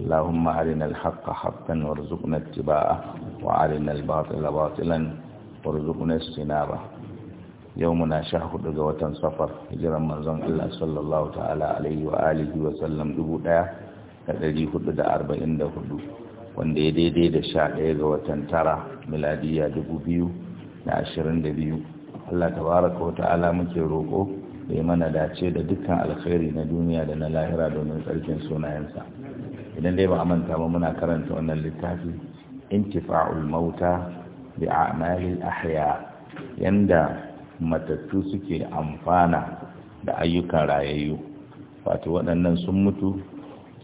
اللهم أرنا الحق حقا وارزقنا اتباعه وأرنا الباطل باطلا وارزقنا اجتنابه يومنا شهر قوة صفر هجرا من زن الله صلى الله تعالى عليه وآله وسلم دبودا كالذي حدد أربعين دا حدود wanda ya daidai da sha ɗaya ga watan tara miladiya dubu biyu da ashirin da biyu Allah tabaraka wa muke roƙo da mana dace da dukkan alkhairi na duniya da na lahira domin tsarkin sunayensa idan dai ba a manta ba muna karanta wannan littafi intifa'ul mauta bi a'malil ahya yanda matattu suke amfana da ayyukan rayayyu wato waɗannan sun mutu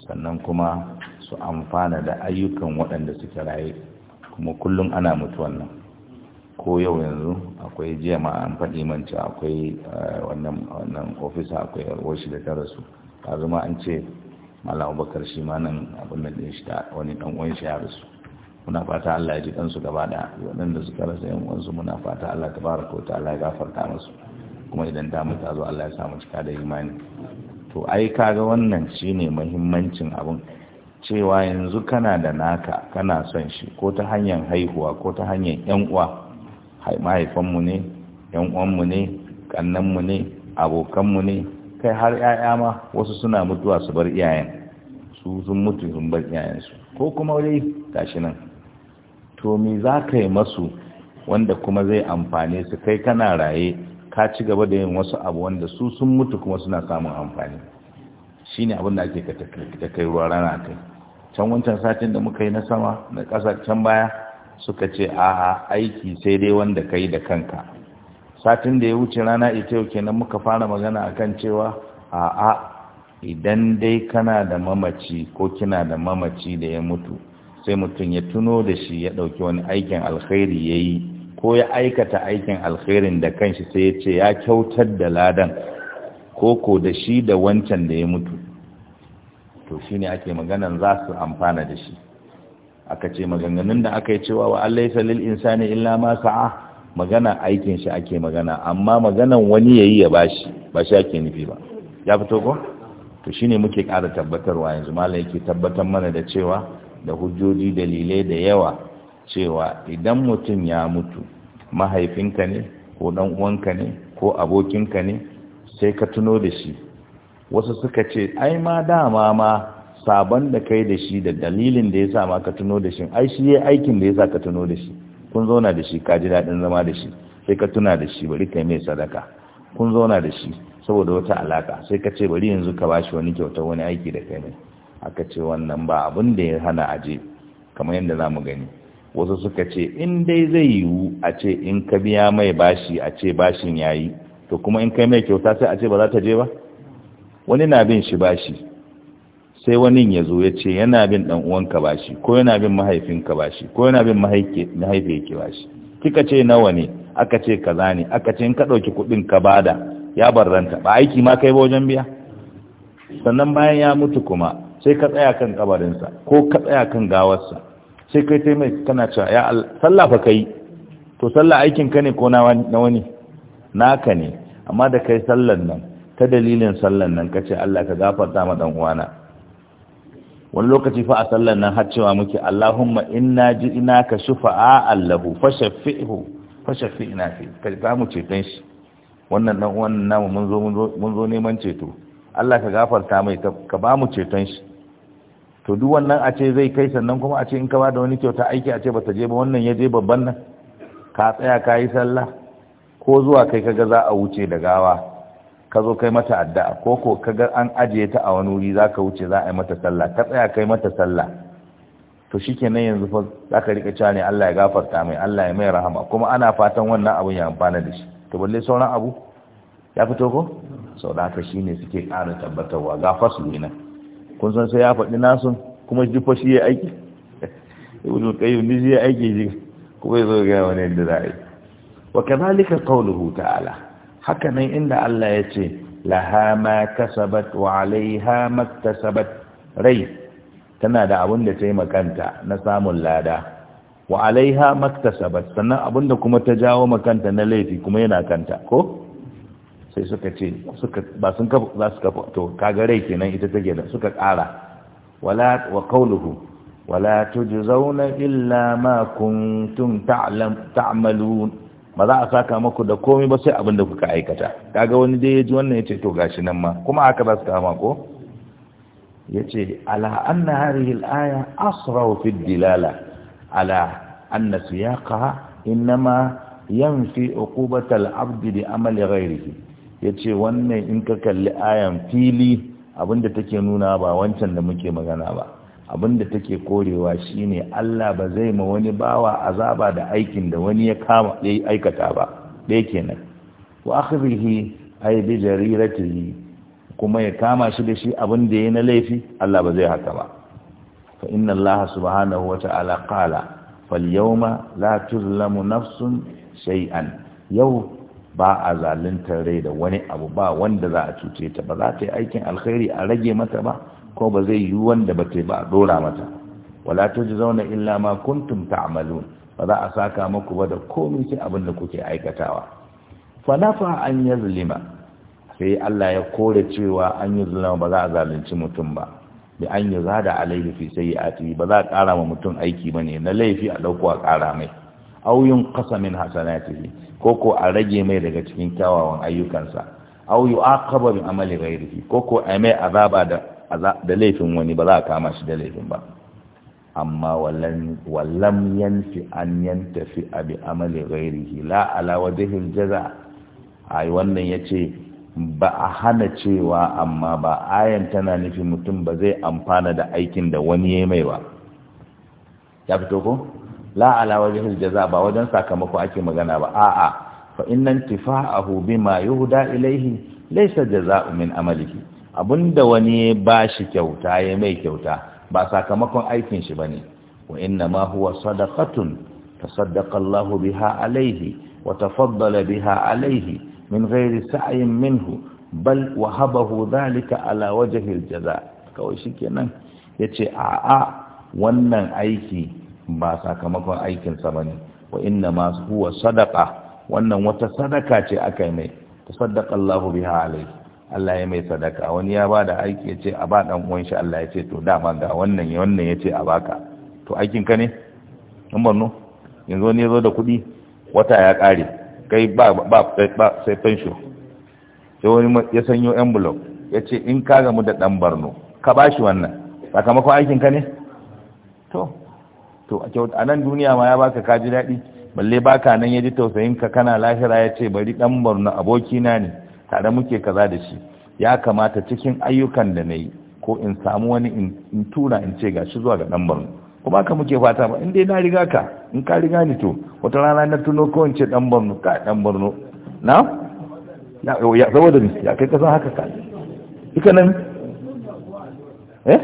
sannan kuma su amfana da ayyukan waɗanda suke raye kuma kullum ana mutu wannan. ko yau yanzu akwai jiya ma an faɗi manci akwai eh, wannan ofisa akwai washi da ta rasu a zama an ce mala bakar shi ma nan abin da shi ta wani dan uwan shi ya rasu muna fata Allah ya ji ɗansu gaba da waɗanda suka rasa yan uwansu muna fata Allah ta ko ta Allah ya gafarta musu kuma idan ta mu ta zo Allah ya samu cika da imani to ai ga wannan shine muhimmancin abin cewa yanzu kana da naka kana son shi ko ta hanyar haihuwa ko ta hanyar yan uwa mahaifanmu ne yan uwanmu ne kannanmu ne abokanmu ne kai har 'ya'ya ma wasu suna mutuwa su bar iyayen su sun mutu sun bar iyayensu ko kuma dai gashi nan to me za ka yi masu wanda kuma zai amfani su kai kana raye ka ci gaba da yin wasu abu wanda su sun mutu kuma suna samun amfani Shi ne abin da ake ka kai ruwa rana kai can wancan satin da muka yi na sama na ƙasa can baya suka ce a'a aiki sai dai wanda kai da kanka satin da ya wuce rana ita yau kenan muka fara magana akan cewa a'a idan dai kana da mamaci ko kina da mamaci da ya mutu sai mutum ya tuno da shi ya ɗauki wani aikin alkhairi ya yi ko ya aikata aikin alkhairin da kanshi sai ya ce ya kyautar da ladan ko ko da shi da wancan da ya mutu to shi ne ake maganan za su amfana da shi aka ce maganganun da aka yi cewa wa Allah ya salil insani illa ma sa'a magana aikin shi ake magana amma maganan wani yayi ya bashi ba shi ake nufi ba ya fito ko to shine muke ƙara tabbatarwa yanzu malam yake tabbatar mana da cewa da hujjoji dalilai da yawa cewa idan mutum ya mutu mahaifinka ne ko dan uwanka ne ko abokinka ne sai ka tuno da shi wasu suka ce ai ma dama ma sabon da kai da shi da dalilin da ya sa ma ka tuno da shi ai shi yayi aikin da ya sa ka tuno da shi kun zauna da shi ka ji daɗin zama da shi sai ka tuna da shi bari kai mai sadaka kun zauna da shi saboda wata alaka sai ka ce bari yanzu ka bashi wani kyauta wani aiki da kai ne. aka ce wannan ba abin da ya hana aje kamar yadda za mu gani wasu suka ce in dai zai yiwu a ce in ka biya mai bashi a ce bashin ya yi to kuma in kai mai kyauta sai a ce ba za ta je ba wani na bin shi bashi sai wani ya zo ya ce yana bin dan uwanka bashi ko yana bin mahaifinka bashi ko yana bin mahaifiyarki bashi kika ce nawa ne aka ce kaza ne aka ce in ka dauki kudin ka bada ya barranta ba aiki ma kai ba wajen biya sannan bayan ya mutu kuma sai ka tsaya kan sa ko ka tsaya kan gawarsa sai kai tai mai kana cewa ya sallah fa kai to sallah aikin ka ne ko na wani naka ne amma da kai sallan nan ta dalilin sallan nan kace Allah ka gafarta ma dan uwana wani lokaci fa a sallar nan har cewa muke Allahumma inna ji'ina ka shufa'a allahu fashaffi'hu fashaffi'na fi ka za mu ceton shi wannan dan uwan mu mun zo mun zo neman ceto Allah ka gafarta mai ka ba mu ceton shi to duk wannan a ce zai kai sannan kuma a ce in ka ba da wani kyauta aiki a ce ba ta je ba wannan ya je babban nan ka tsaya ka yi sallah ko zuwa kai ka ga za a wuce da gawa ka zo kai mata addu'a ko ko kaga an ajiye ta a wani wuri zaka wuce za a yi mata sallah ka tsaya kai mata sallah to shikenan yanzu fa zaka rika cewa ne Allah ya gafarta mai Allah ya mai rahama kuma ana fatan wannan abun ya amfana da shi to balle sauran abu ya fito ko sau da haka shine suke ƙara tabbatarwa ga fasu nan kun san sai ya faɗi nasun kuma shi fa shi ya aiki ibn qayyim ni ya aiki kuma zo ga wani da za'i wa kadhalika qawluhu ta'ala haka nan inda Allah ya ce laha ma kasabat wa alaiha maktasabat rai tana da abin da ta yi makanta na samun lada wa alaiha maktasabat sannan abin da kuma ta jawo makanta na laifi kuma yana kanta ko sai suka ce ba sun kafa za su kafa to kaga rai kenan ita take da suka kara wala wa qawluhu wala tujzauna illa ma kuntum ta'lam ta'malun ba za a saka maku da komai ba sai abin da kuka aikata kaga wani dai ya ji wannan ya ce to gashi nan ma kuma aka za su kama ko ya ce ala anna hadhihi aya asra fi dilala ala anna siyaqaha inma yanfi uqubata al-abd amali ghayrihi yace wannan in ka kalli ayan fili abinda take nuna ba wancan da muke magana ba abin da take korewa shine Allah ba zai ma wani bawa azaba da aikin da wani ya kama ya aikata ba da kenan wa akhrihi ay bi jariratihi kuma ya kama shi da shi abin da yayi na laifi Allah ba zai haka ba fa inna Allah subhanahu wa ta'ala qala fal yawma la tuzlamu nafsun shay'an yau ba a zaluntar rai da wani abu ba wanda za a cuce ta ba za ta yi aikin alkhairi a rage mata ba ko ba zai yi wanda ba ba a dora mata wala zaune illa ma kuntum amalu ba za a saka muku ba da komai sai abin da kuke aikatawa fa nafa an zulima sai Allah ya kore cewa an yi zulima ba za a zalunci mutum ba bi an yi zada sai fi sayyi'ati ba za a kara ma mutum aiki ba ne na laifi a dauko a kara mai auyun kasamin min hasanatihi ko ko a rage mai daga cikin kyawawan ayyukansa auyu yu'aqaba bi amali ghairihi ko ko a mai azaba da da laifin wani ba za a kama shi da laifin ba amma wallam yanfi an tafi abi amali ghairihi la ala wajhil jaza ai wannan yace ba a hana cewa amma ba ayan tana nufin mutum ba zai amfana da aikin da wani ya mai ba ya fito ko la ala jaza ba wajen sakamako ake magana ba a'a fa innan tifa'ahu bima yuhda ilayhi laysa jaza'u min amalihi abinda wani ya bashi kyauta ya mai kyauta ba sakamakon aikin shi bane wa inna ma huwa sadaqatun tasaddaqa Allahu biha alaihi, wa tafaddala biha alaihi, min ghairi sa'yin minhu bal wahabahu dhalika ala wajhi aljaza kawai shikenan yace a a wannan aiki ba sakamakon aikin sa bane wa inna ma huwa sadaqa wannan wata sadaka ce aka yi mai tasaddaqa Allahu biha alaihi. Allah ya mai sadaka wani ya ba da aiki ya ce a ba ɗan uwan shi Allah ya ce to dama ga wannan ya wannan ya ce a baka to aikin ka ne in barno yanzu wani ya zo da kuɗi wata ya ƙare kai ba ba sai fensho sai wani ya sanyo envelope ya ce in ka gamu da ɗan barno ka ba shi wannan sakamakon aikin ka ne to to a nan duniya ma ya baka kaji daɗi balle baka nan ya ji tausayin ka kana lahira ya ce bari ɗan barno abokina ne tare muke kaza da shi ya kamata cikin ayyukan da na yi ko in samu wani in tura in ce gashi zuwa ga dan Borno kuma ka muke fata ba in dai na riga ka in ka riga ni to wata rana na tuno ko in ce dan Borno ka dan Borno na ya saboda ni ya kai kasan haka ka ika nan eh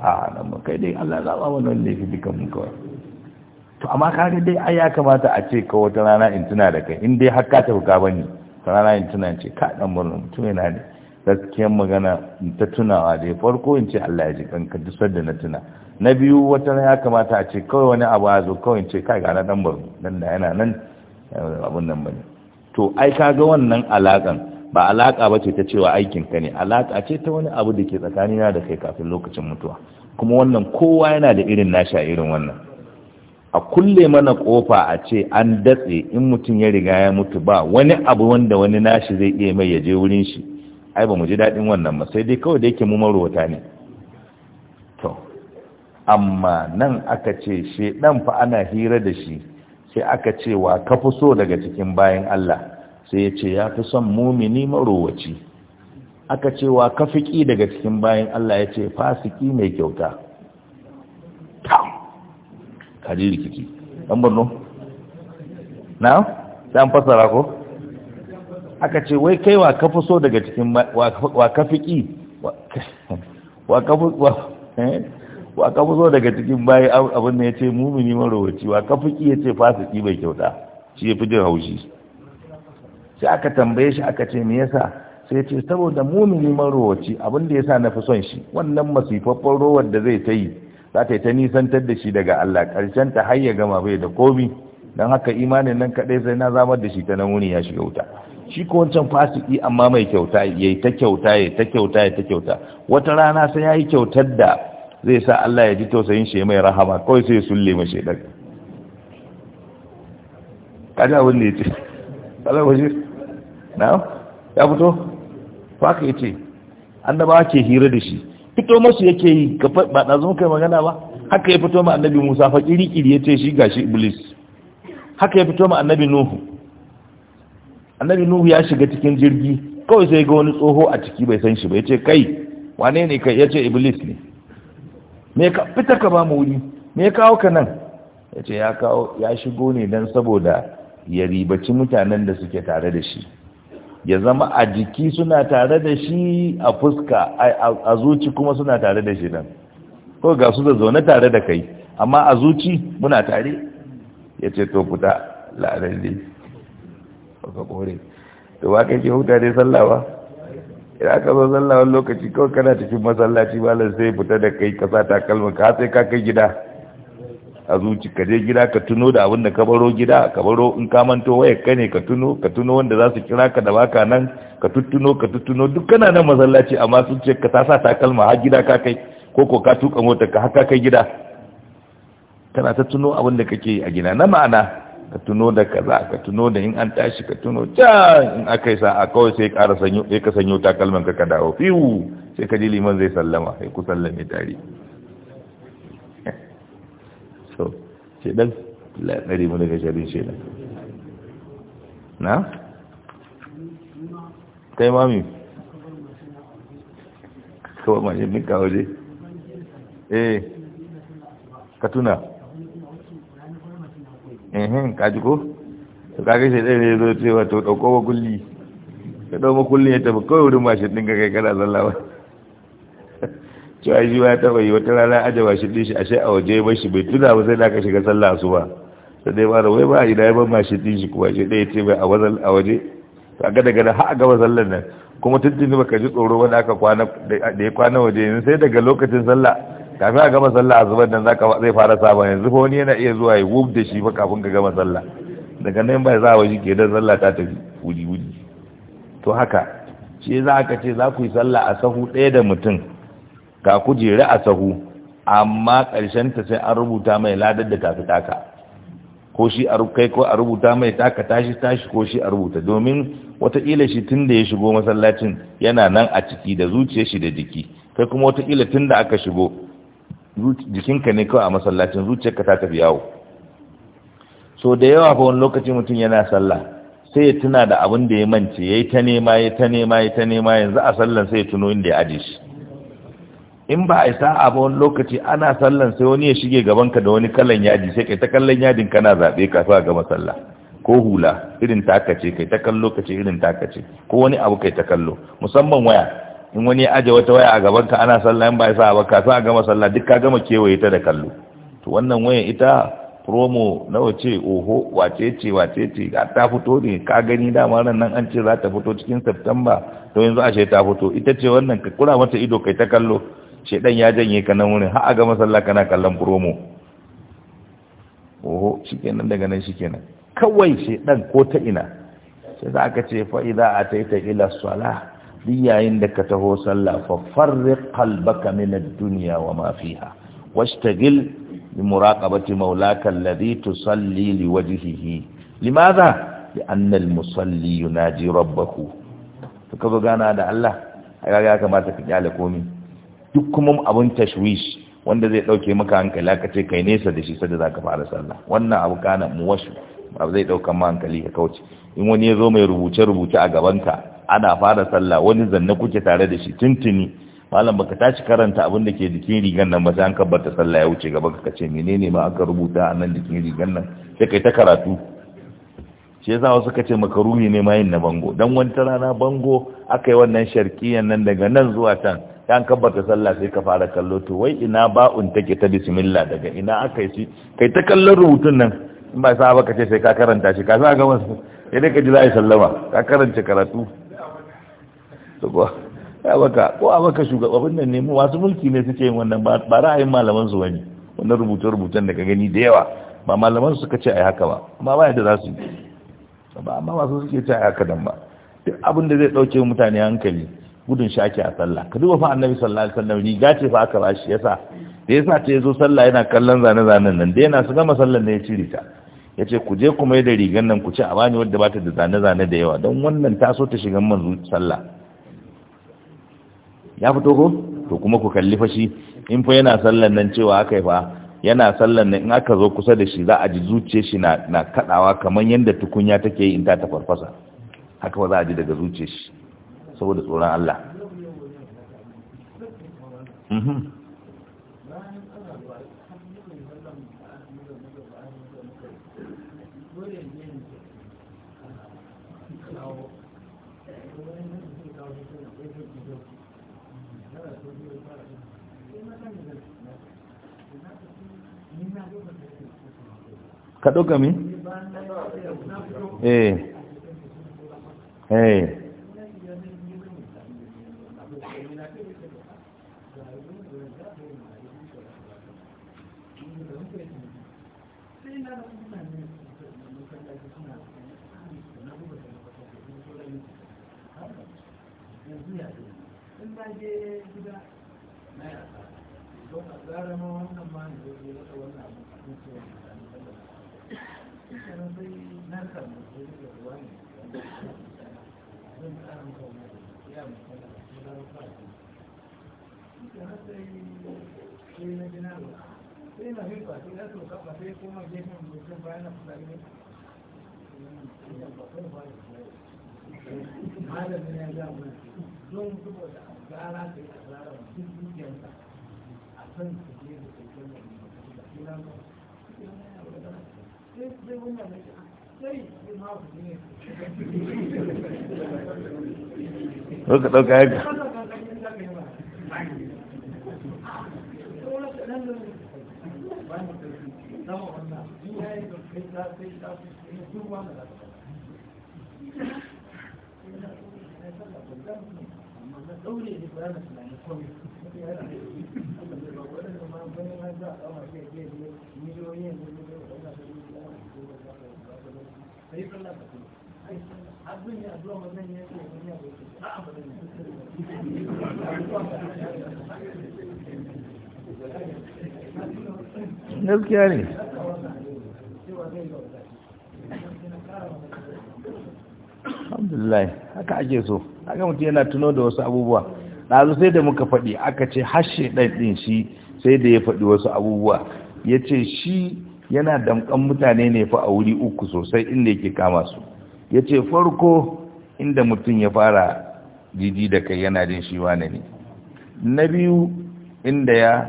a ah, nan kai dai Allah zaba wannan laifi dukan mu kawai to amma kaga dai ai ya kamata a ce ka wata rana in tuna da kai in dai har ka tafi ka bani ta rana in tuna ce ka dan murna mutum yana ne gaskiyar magana ta tunawa dai farko in ce Allah ya ji kanka dusar da na tuna na biyu wata ya kamata a ce kawai wani abu a zo kawai in ce kai ga na dan murna dan da yana nan abun nan bane to ai kaga wannan alakan ba alaka ba ce ta cewa aikin ka ne alaka ce ta wani abu da ke tsakanina da kai kafin lokacin mutuwa kuma wannan kowa yana da irin nasha irin wannan a kulle mana kofa a ce an datse in mutum ya riga ya mutu ba wani abu wanda wani nashi zai iya mai ya je wurin shi ai ba mu ji daɗin wannan ba sai dai kawai da yake mu marwata ne to amma nan aka ce dan fa ana hira da shi sai aka ce wa ka fi so daga cikin bayan Allah sai ya ce ya fi son mumini marowaci aka ce wa ka fi daga cikin bayan Allah ya ce fasiki mai kyauta kaji rikici ɗan borno na sai an fasara ko aka ce wai kai wa ka fi so daga cikin wa ka fi ƙi eh? wa ka fi so daga cikin bayi abin da ya ce mumini marowaci wa ka fi ƙi ya ce fasiki bai kyauta shi ya fi jin haushi sai aka tambaye shi aka ce me yasa sai ce saboda mumini marowaci abin da yasa na fi son shi wannan masifaffen rowar da zai ta yi za ta yi ta nisantar da shi daga Allah ƙarshen ta har ya gama bai da komi don haka imanin nan kaɗai sai na zamar da shi ta namuni ya shiga wuta shi ko wancan fasiki amma mai kyauta ya yi ta kyauta ya ta kyauta ya ta kyauta wata rana sai ya yi kyautar da zai sa Allah ya ji tausayin shi mai rahama kawai sai ya sulle mashi ɗan kaji abin ya ce na ya fito faka ya ce annabawa ke hira da shi fito masu yake yi ka ba ɗazun kai magana ba haka ya fito ma annabi musa fa kiri-kiri ya ce shi gashi iblis haka ya fito ma annabi nuhu annabi nuhu ya shiga cikin jirgi kawai sai ga wani tsoho a ciki bai san shi ba ya ce kai wane ne kai ya ce iblis ne me ka fita ka ba mu wuri me ya kawo ka nan ya ce ya kawo ya shigo ne don saboda ya ribaci mutanen da suke tare da shi ya zama a jiki suna tare da shi a fuska a zuci kuma suna tare da shi nan ko ga su da zaune tare da kai amma a zuci muna tare ya ce to fita la'adalli ka kore to ba kai ke huta dai sallah ba idan zo sallawa lokaci kawai kana cikin masallaci ba sai fita da kai kasa sa ka sai ka kai gida a zuci ka je gida ka tuno da abin da ka baro gida ka baro in ka manto wayar ka ne ka tuno ka tuno wanda za su kira ka da baka nan ka tuttuno ka tuttuno duk kana nan masallaci amma sun ce ka ta sa takalma ha gida ka kai ko ko ka tuka mota ka haka kai gida kana ta tuno abin da kake a gida na ma'ana ka tuno da kaza ka tuno da in an tashi ka tuno can in akai sa a kawai sai ka sanyo sai ka sanyo takalman ka ka dawo fiwu sai ka ji liman zai sallama sai ku sallame tare shedan la tsare mu daga ce shedan na kai mami kawai ma yin nika waje eh ka tuna ehen kaji ko to kage shedan ne zo cewa to dauko wa kulli ka dauko kulli ya tafi kawai wurin mashin din ga kai kana zallawa to ai ya taba yi wata rana ajaba shi din shi ashe a waje ba shi bai tuna ba sai da ka shiga sallah ba sai dai da wai ba ina ya ban shi din shi kuma shi dai ce bai a waje a ga daga da haka gaba sallar nan kuma tuntuni baka ji tsoro wani aka kwana da ya kwana waje yanzu sai daga lokacin sallah kafin a gama sallah a asuba nan zaka zai fara saba yanzu ko wani yana iya zuwa ya wub da shi ba kafin ka gama sallah daga nan ba za a waje ke dan sallah ta tafi wuri wuri to haka ce za ka ce za ku yi sallah a sahu ɗaya da mutum ga kujera a sahu amma ƙarshen ta sai an rubuta mai ladar da tafi taka ko shi a kai ko a rubuta mai taka tashi tashi ko shi a rubuta domin wataƙila shi tun da ya shigo masallacin yana nan a ciki da zuciya shi da jiki kai kuma wataƙila tun da aka shigo jikinka ne kawai a masallacin zuciyarka ta tafi yawo so da yawa fa wani lokaci mutum yana sallah sai ya tuna da abin da ya mance ya yi ta nema ya ta nema ya ta nema yanzu a sallan sai ya tuno inda ya aje shi in ba a yi sa'a ba wani lokaci ana sallan sai wani ya shige gabanka da wani kallon yadi sai kai ta kallon yadin kana zaɓe ka sa gama sallah ko hula irin taka ce kai ta kallo ka ce irin taka ce ko wani abu kai ta kallo musamman waya in wani ya aje wata waya a gabanka ana sallah in ba a yi sa'a ba ka sa gama sallah duk ka gama kewaye ta da kallo to wannan waya ita promo nawa ce oho wace ce wace ce ta fito ne ka gani dama ran nan an ce za ta fito cikin september to yanzu ashe ta fito ita ce wannan ka kura mata ido kai ta kallo shedan ya janye ka nan wurin har a ga masalla kana kallon promo oho shikenan daga nan shikenan kawai shedan ko ta ina sai za ka ce fa idza ataita ila salah duk yayin da ka taho sallah fa farriq qalbaka min ad-dunya wa ma fiha washtagil bi muraqabati mawlaka alladhi tusalli liwajhihi limadha li anna al-musalli yunaji rabbahu to kaga gana da Allah kaga ya kamata ka kyale komai duk kuma abin tashwish wanda zai dauke maka hankali ka ce kai nesa da shi sai da zaka fara sallah wannan abu kana muwashu abu zai dauka maka hankali ka kauce in wani ya zo mai rubuce rubuce a gaban ka ana fara sallah wani zanne kuke tare da shi tuntuni malam baka tashi karanta abin da ke jikin rigan nan ba sai an kabbarta sallah ya wuce gaba ka ce menene ma aka rubuta a nan jikin rigan nan sai kai ta karatu shi yasa wasu kace makaruni ne ma yin na bango dan wani rana bango aka wannan sharkiyan nan daga nan zuwa can yan kabbata sallah sai ka fara kallo to wai ina ba'un take ta bismillah daga ina aka yi kai ta kallon rubutun nan in ba sa ba ka ce sai ka karanta shi ka sa ga wasu sai ka ji za sallama ka karanta karatu ya baka ko a baka nan ne wasu mulki ne suke yin wannan ba ra'ayin malaman su wani wannan rubutu rubucen da ka gani da yawa ba malaman su suka ce ai haka ba amma ba yadda za su yi ba amma masu suke ce ai haka dan ba duk abin da zai dauke mutane hankali gudun shaki a sallah ka duba fa annabi sallallahu alaihi wasallam riga ce fa aka bashi yasa da yasa ta yazo sallah yana kallon zane zanen nan da yana su gama sallar ne ya cire ta yace ku je ku mai da rigan nan ku ci a bani wanda bata da zane zane da yawa don wannan ta so ta shiga man sallah ya fito ko to kuma ku kalli fa shi in fa yana sallan nan cewa aka yi fa yana sallar nan in aka zo kusa da shi za a ji zuciyar shi na na kadawa kamar yadda tukunya take yi in ta tafarfasa haka ba za a ji daga zuciyar shi saboda tsoron Allah mhm. ka ɗauka mi? eh eh je gida na yasa don a tsara ma wannan ma ne zai zai rasa wannan abu a cikin cewa na sami sallama sannan sai na samu zai rika ruwa ne zan tsara maka wannan ya mu sallama ko da rufa ce sannan sai sai na gina ruwa sai na hirba sai na soka ba sai kuma gefen mutum bayan na fita ne malamin ya ga mun don saboda gara da tsarara duk dukiyarsa a kan su ne da tsakiyar da ke da kira ba sai sai wannan da ke sai sai ma ku ne Ɗauka ɗauka ya Thank you. gaskiya ne alhamdulillah haka ake so haka mutum yana tuno da wasu abubuwa ɗazu sai da muka faɗi aka ce hashe ɗin shi sai da ya faɗi wasu abubuwa ya ce shi yana damƙan mutane ne fa a wuri uku sosai inda yake kama su ya ce farko inda mutum ya fara jiji da kai yana jin shi wane ne na biyu inda ya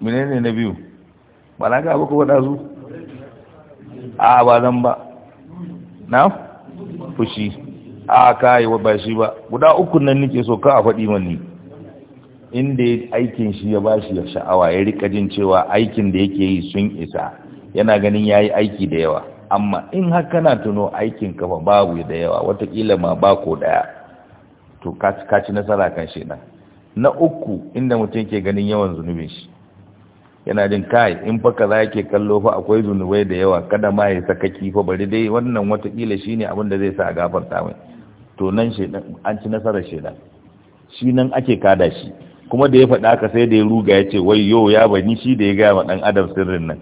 menene na biyu ba na gaba ko ɗazu a ba zan ba na fushi a kai ba shi ba guda uku nan nake so ka a faɗi mani inda aikin shi ya bashi ya sha'awa ya rika jin cewa aikin da yake yi sun isa yana ganin yayi aiki da yawa amma in har kana tuno aikin ka ba babu da yawa watakila ma ba ko daya to ka nasara kan shi na na uku inda mutum ke ganin yawan zunubin shi yana jin kai in fa kaza yake kallo fa akwai zunubai da yawa kada ma ya saka kifa bari dai wannan watakila shine abin da zai sa a gafarta mai to nan an ci nasarar shaidan shi nan ake kada shi kuma da ya faɗa aka sai da ya ruga ya ce wai yo ya bani shi da ya gaya ma ɗan adam sirrin nan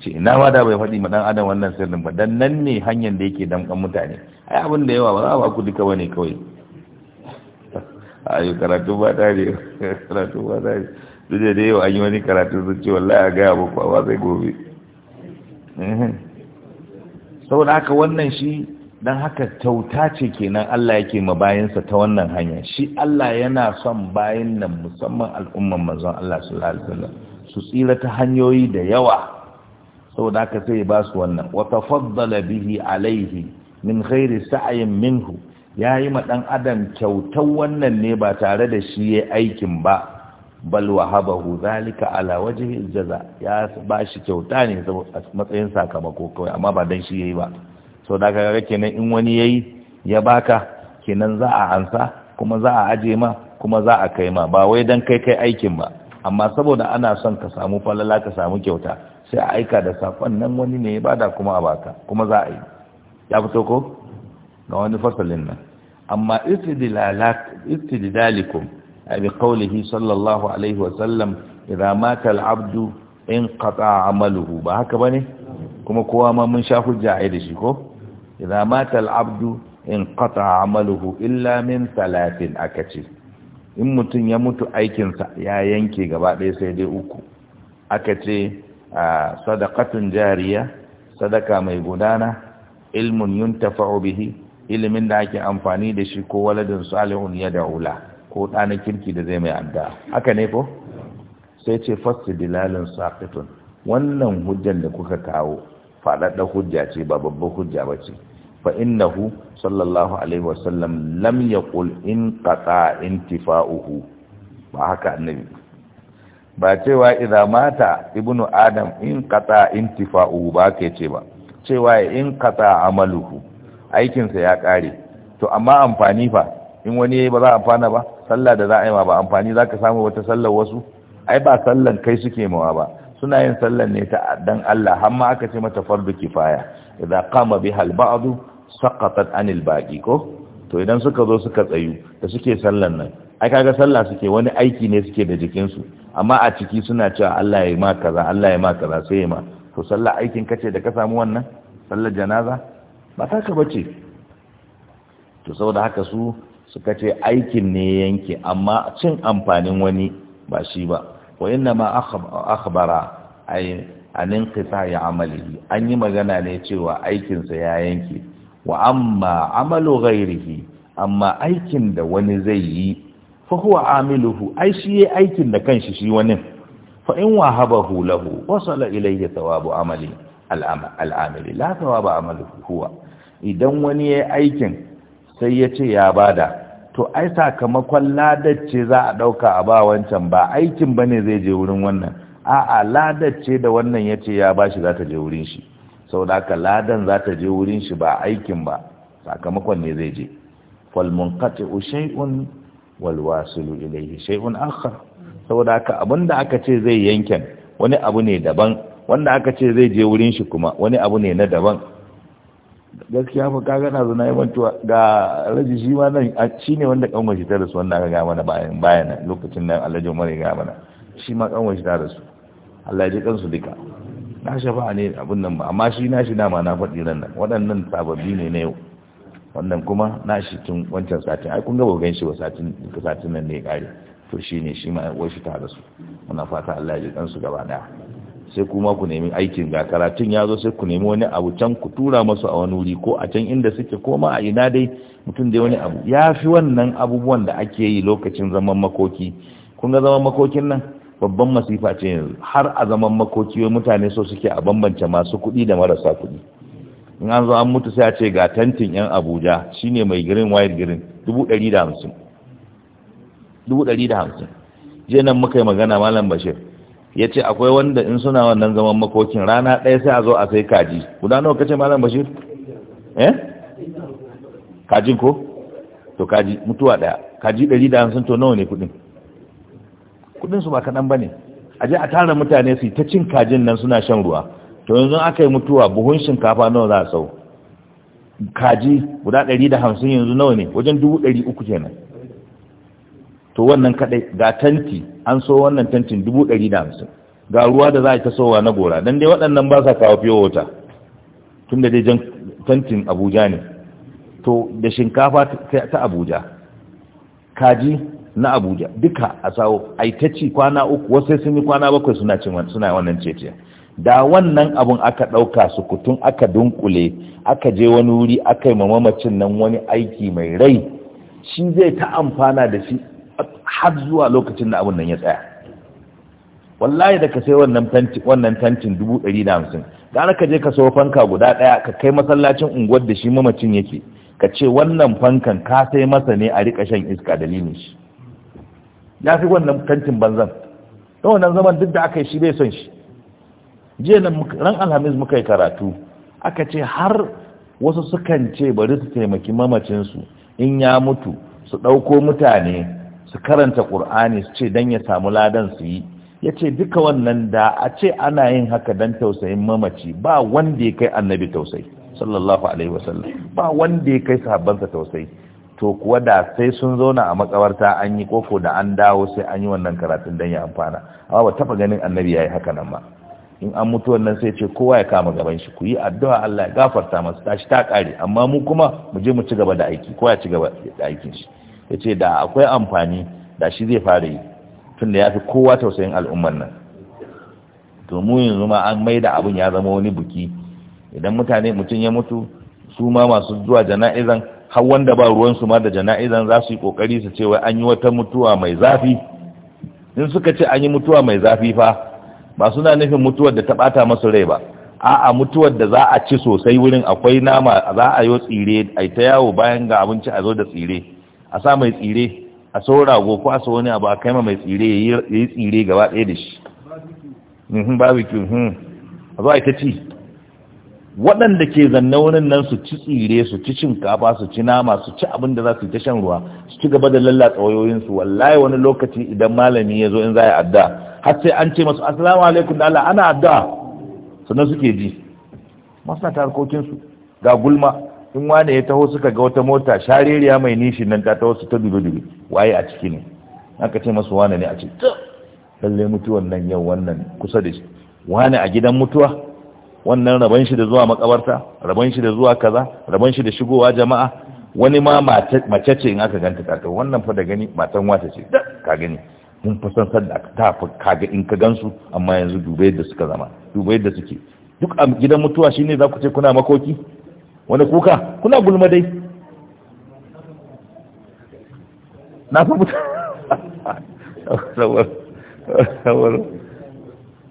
ce ina ma da bai faɗi ma ɗan adam wannan sirrin ba dan nan ne hanyar da yake damƙan mutane ai abin da yawa ba za a ku duka bane kawai ayo karatu ba ne karatu ba tare duk da yau an yi wani karatu sun ce wallahi a gaya muku a wasai gobe mhm. saboda haka wannan shi don haka Tauta ce kenan Allah yake ma bayansa ta wannan hanya shi Allah yana son bayan nan musamman al'umman manzon Allah sallallahu alaihi wasallam su tsira ta hanyoyi da yawa saboda haka sai ba su wannan wa tafaddala bihi alaihi min khairi sa'yin minhu yayi ma dan adam kyautar wannan ne ba tare da shi yayi aikin ba bal wahabahu zalika ala wajhi aljaza ya ba shi kyauta ne a matsayin sakamako kawai amma ba dan shi yayi ba so da kaga kenan in wani yayi ya baka kenan za a ansa kuma za a aje ma kuma za a kai ma ba wai dan kai kai aikin ba amma saboda ana son ka samu falala ka samu kyauta sai a aika da sakon nan wani ne ya bada kuma a baka kuma za a yi ya fito ko ga wani fasalin nan amma istidlalikum abi qawlihi sallallahu alaihi wa sallam idza mata al-abdu in qata'a amaluhu ba haka bane kuma kowa ma mun sha hujja yi da shi ko idza mata al-abdu in qata amaluhu illa min aka ce, in mutum ya mutu aikinsa ya yanke gaba ɗaya sai dai uku aka ce sadaqatun jariya sadaka mai gudana ilmun yuntafa'u bihi ilimin da ake amfani da shi ko waladin salihun ya da'ula ko dana kirki da zai mai adda haka ne ko sai ce fasti dilalin saqitun wannan hujjan da kuka kawo faɗaɗɗa hujja ce ba babbar hujja ba ce fa innahu sallallahu alaihi wasallam lam yaqul in ba haka annabi ba cewa idan mata ibnu adam in qata intifa'uhu ba ke ce ba cewa in qata amaluhu aikin ya kare to amma amfani fa in wani yi ba za a amfana ba sallah da za a yi ma ba amfani zaka samu wata sallar wasu ai ba sallan kai suke mawa ba suna yin sallan ne ta dan Allah har ma aka ce mata fardu kifaya idza kama biha al-ba'd saqatat anil baqi ko to idan suka zo suka tsayu da suke sallan nan ai kaga sallah suke wani aiki ne suke da jikinsu amma a ciki suna cewa Allah ya ma kaza Allah ya ma kaza sai ya ma to sallah aikin kace da ka samu wannan sallar janaza ba ta ka bace to saboda haka su suka ce aikin ne yanke amma cin amfanin wani ba shi ba wa inna ma akhbara ay anin kisa ya amalihi an yi magana ne cewa aikinsa ya yanke wa amma amalu ghairihi amma aikin da wani zai yi fa huwa amiluhu ai shi yayi aikin da kanshi shi wani fa in wahabahu lahu wasala ilayhi thawabu amali al-amali la thawaba amaluhu huwa idan wani yayi aikin sai ya ce ya bada to ai sakamakon ladacce za a dauka a ba wancan ba aikin bane zai je wurin wannan a'a ladar ce da wannan ya ce ya bashi za ta je wurin shi sau da ladan za ta je wurin shi ba aikin ba sakamakon ne zai je falmunkatu shay'un wal wasilu ilayhi shay'un akhar saboda haka abinda aka ce zai yanken wani abu ne daban wanda aka ce zai je wurin shi kuma wani abu ne na daban gaskiya fa kaga na zuna yawan ga raji shi ma nan ne wanda kanwa shi ta rasu wanda aka ga mana bayan bayan lokacin nan Alhaji Umar ya ga mana shi ma kanwa shi ta rasu Allah ya ji kansu duka na shafa ne abin nan ba amma shi na shi dama na faɗi ran nan waɗannan sababbi ne na yau wannan kuma na shi tun wancan satin ai kun ga gan shi ba satin satin nan ne ya kare to ne shi ma wai shi tare su muna fata Allah ya ji kansu gaba daya sai kuma ku nemi aikin ga karatun ya zo sai ku nemi wani abu can ku tura masu a wani wuri ko a can inda suke ko ma a ina dai mutum dai wani abu ya fi wannan abubuwan da ake yi lokacin zaman makoki kun ga zaman makokin nan babban masifa ce yanzu har a zaman makoki mutane so suke a bambance masu kuɗi da marasa kuɗi in an zo an mutu sai a ce ga tantin yan abuja shine mai girin wayar girin dubu ɗari da hamsin dubu ɗari da hamsin jiya nan muka yi magana malam bashir ya ce akwai wanda in suna wannan zaman makokin rana ɗaya sai a zo a sai kaji guda nawa kace malam bashir eh kajin ko to kaji mutuwa ɗaya kaji ɗari da hamsin to nawa ne kuɗin kudin su ba kaɗan ba ne a je a tara mutane su ta cin kajin nan suna shan ruwa to yanzu aka yi mutuwa buhun shinkafa nawa za a sau kaji guda ɗari da hamsin yanzu nawa ne wajen dubu ɗari uku kenan to wannan kaɗai ga tanti an so wannan tantin dubu ɗari da hamsin ga ruwa da za a ta sowa na gora don dai waɗannan ba sa kawo fiye wata tun da dai jan tantin abuja ne to da shinkafa ta abuja kaji na abuja duka a sawo a yi ta ci kwana uku wasu sun yi kwana bakwai suna suna wannan ceciya da wannan abun aka ɗauka su kutun aka dunkule aka je wani wuri aka yi mamacin nan wani aiki mai rai shi zai ta amfana da shi har zuwa lokacin da abun nan ya tsaya wallahi da ka sai wannan tantin wannan tantin dubu ɗari da hamsin gara ka je ka sayo fanka guda ɗaya ka kai masallacin unguwar da shi mamacin yake ka ce wannan fankan ka sai masa ne a riƙa shan iska dalilin shi ya fi wannan kantin banzan ta wannan zaman duk da aka yi shi bai son shi jiya ran alhamis muka yi karatu aka ce har wasu sukan ce bari su taimaki mamacinsu in ya mutu su ɗauko mutane su karanta ƙur'ani su ce don ya samu ladan su yi ya ce duka wannan da a ce ana yin haka don tausayin mamaci ba wanda ya kai annabi tausayi sallallahu alaihi wasallam ba wanda ya kai sahabbansa tausayi to kuwa da sai sun zauna a makabarta an yi koko da an dawo sai an yi wannan karatun dan ya amfana amma ba taba ganin annabi ya yi haka nan ba in an mutu wannan sai ce kowa ya kama gaban shi ku yi addu'a Allah ya gafarta masu tashi ta kare amma mu kuma mu je mu ci gaba da aiki kowa ya ci gaba da aikin shi ya ce da akwai amfani da shi zai fara yi tun da ya fi kowa tausayin al'umman nan to mu yanzu ma an mai da abin ya zama wani buki idan mutane mutum ya mutu su ma masu zuwa jana'izan har wanda ba su ma da jana'izan za su yi kokari su ce wai an yi wata mutuwa mai zafi in suka ce an yi mutuwa mai zafi fa ba suna nufin mutuwar da ta bata masu rai ba a'a mutuwar da za a ci sosai wurin akwai nama za a yi tsire a ta yawo bayan ga abinci a zo da tsire a sa mai tsire a sau rago ko a sau wani abu a kai ma mai tsire ya yi tsire gaba ɗaya da shi mhm, mhm. a zo a ta ci waɗanda ke zanne wurin nan su ci tsire su ci shinkafa su ci nama su ci abin da za su ta shan ruwa su ci gaba da lallatsa wayoyinsu wallahi wani lokaci idan malami ya zo in za ya adda har sai an ce masu asalamu alaikum da Allah ana adda sannan suke ji masu na tarkokinsu ga gulma in wane ya taho suka ga wata mota shareriya mai nishi nan ta taho su ta dubi-dubi. waye a ciki ne aka ce masu wane ne a ce lalle mutuwan nan yau wannan kusa da shi wane a gidan mutuwa wannan rabon shi da zuwa makabarta rabon shi da zuwa kaza rabon shi da shigowa jama'a wani ma mace ce in aka ganta kaka wannan fa da gani matan wata ce ka gani mun fa san sadda ta fi kaga in ka gansu amma yanzu duba yadda suka zama duba yadda suke duk a gidan mutuwa shine za ku ce kuna makoki wani kuka kuna gulma dai na fi mutu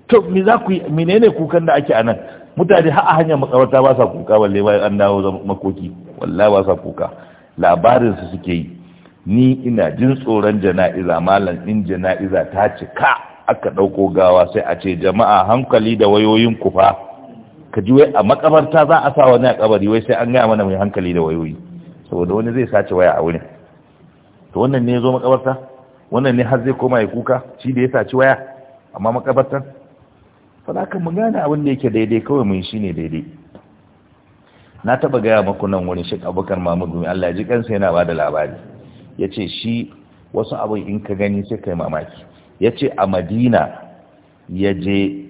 to me za ku yi menene kukan da ake anan mutane har a hanyar makabarta ba sa kuka balle bayan an dawo makoki walla ba sa kuka labarin su suke yi ni ina jin tsoron jana'iza malam in jana'iza ta cika aka dauko gawa sai a ce jama'a hankali da wayoyin ku fa ka ji wai a makabarta za a sa wani a kabari wai sai an gaya mana mai hankali da wayoyi saboda wani zai sace waya a wurin to wannan ne ya zo makabarta wannan ne har zai koma ya kuka shi da ya saci waya amma makabartan kan mu gane abin da yake daidai kawai mun shi ne daidai na taba gaya maku nan wani shek abokan Mamudu, gumi allah ji kansa yana ba da labari yace shi wasu abin in ka gani sai kai mamaki yace a madina ya je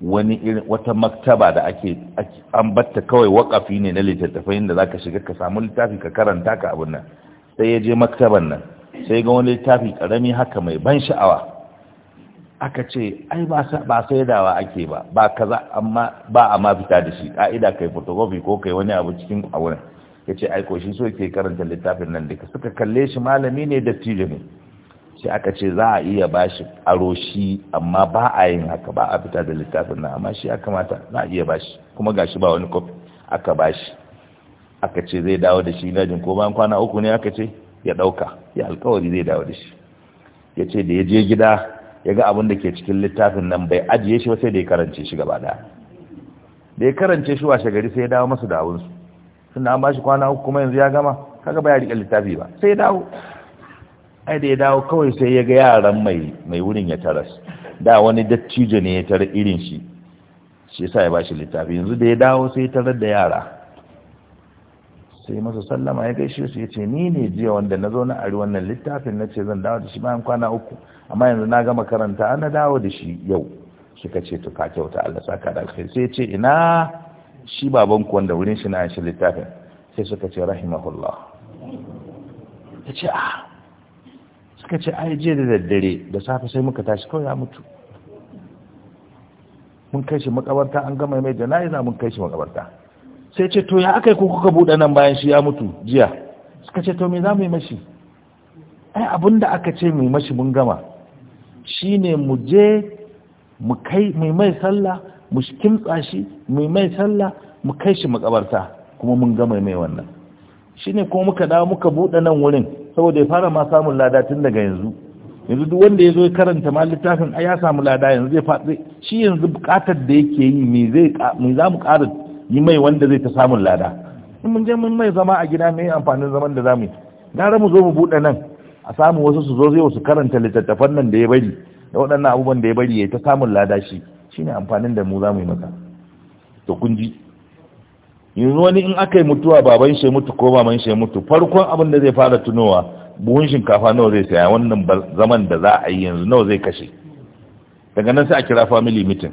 wani irin wata maktaba da ake an batta kawai wakafi ne na littattafai da zaka shiga ka samu littafi ka karanta ka abin nan sai ya je maktaban nan sai ga wani littafi karami haka mai ban sha'awa aka ce ai ba saidawa ake ba ba kaza amma ba a ma fita da shi ka'ida kai photography ko kai wani abu cikin a wurin ya ce aiko shi so ke karanta littafin nan duka suka kalle shi malami ne da tijo ne shi aka ce za a iya ba aro shi amma ba a yin haka ba a fita da littafin nan amma shi ya kamata za a iya ba kuma ga shi ba wani kofi aka ba shi aka ce zai dawo da shi najin ko bayan kwana uku ne aka ce ya ɗauka ya alkawari zai dawo da shi ya ce da ya je gida ya ga abin da ke cikin littafin nan bai ajiye shi ba sai da ya karance shi gaba daya da ya karance shi washe gari sai ya dawo masu dawunsu. suna an ba shi kwana uku kuma yanzu ya gama kaga ba ya riƙe littafi ba sai ya dawo ai da ya dawo kawai sai ya ga yaran mai wurin ya taras da wani dattijo ne ya tara irin shi shi yasa ya ba shi littafi yanzu da ya dawo sai ya tarar da yara sai masa sallama ya gaishe su ya ce ni ne jiya wanda na zo na ari wannan littafin na ce zan dawo da shi bayan kwana uku amma yanzu na gama karanta ana dawo da shi yau suka ce to ka kyauta Allah saka da kai sai ya ce ina shi baban ku wanda wurin shi na shi littafin sai suka ce rahimahullah ya ce ah suka ce ai jiya da daddare da safe sai muka tashi kawai ya mutu mun kai shi makabarta an gama mai jana'iza mun kai shi makabarta sai ce to ya aka yi kuka buɗe nan bayan shi ya mutu jiya suka ce to me za mu yi mashi ai abin da aka ce mu yi mashi mun gama shi ne mu je mu kai mai mai sallah mu kimtsa shi mu mai sallah mu kai shi makabarta kuma mun gama mai wannan shi ne kuma muka dawo muka buɗe nan wurin saboda ya fara ma samun lada tun daga yanzu yanzu duk wanda ya zo karanta ma littafin ai ya samu lada yanzu zai faɗi shi yanzu buƙatar da yake yi me zai me za mu ƙara yi mai wanda zai ta samun lada in mun je mun mai zama a gida mai amfanin zaman da zamu yi gara mu zo mu buɗe nan a samu wasu su zo zai su karanta littattafan nan da ya bari da waɗannan abubuwan da ya bari ya ta samun lada shi shine amfanin da mu zamu yi maka to kun ji yanzu wani in aka yi mutuwa baban shi mutu ko baban shi mutu farkon abin da zai fara tunowa buhun shinkafa nawa zai saya wannan zaman da za a yi yanzu nawa zai kashe daga nan sai a kira family meeting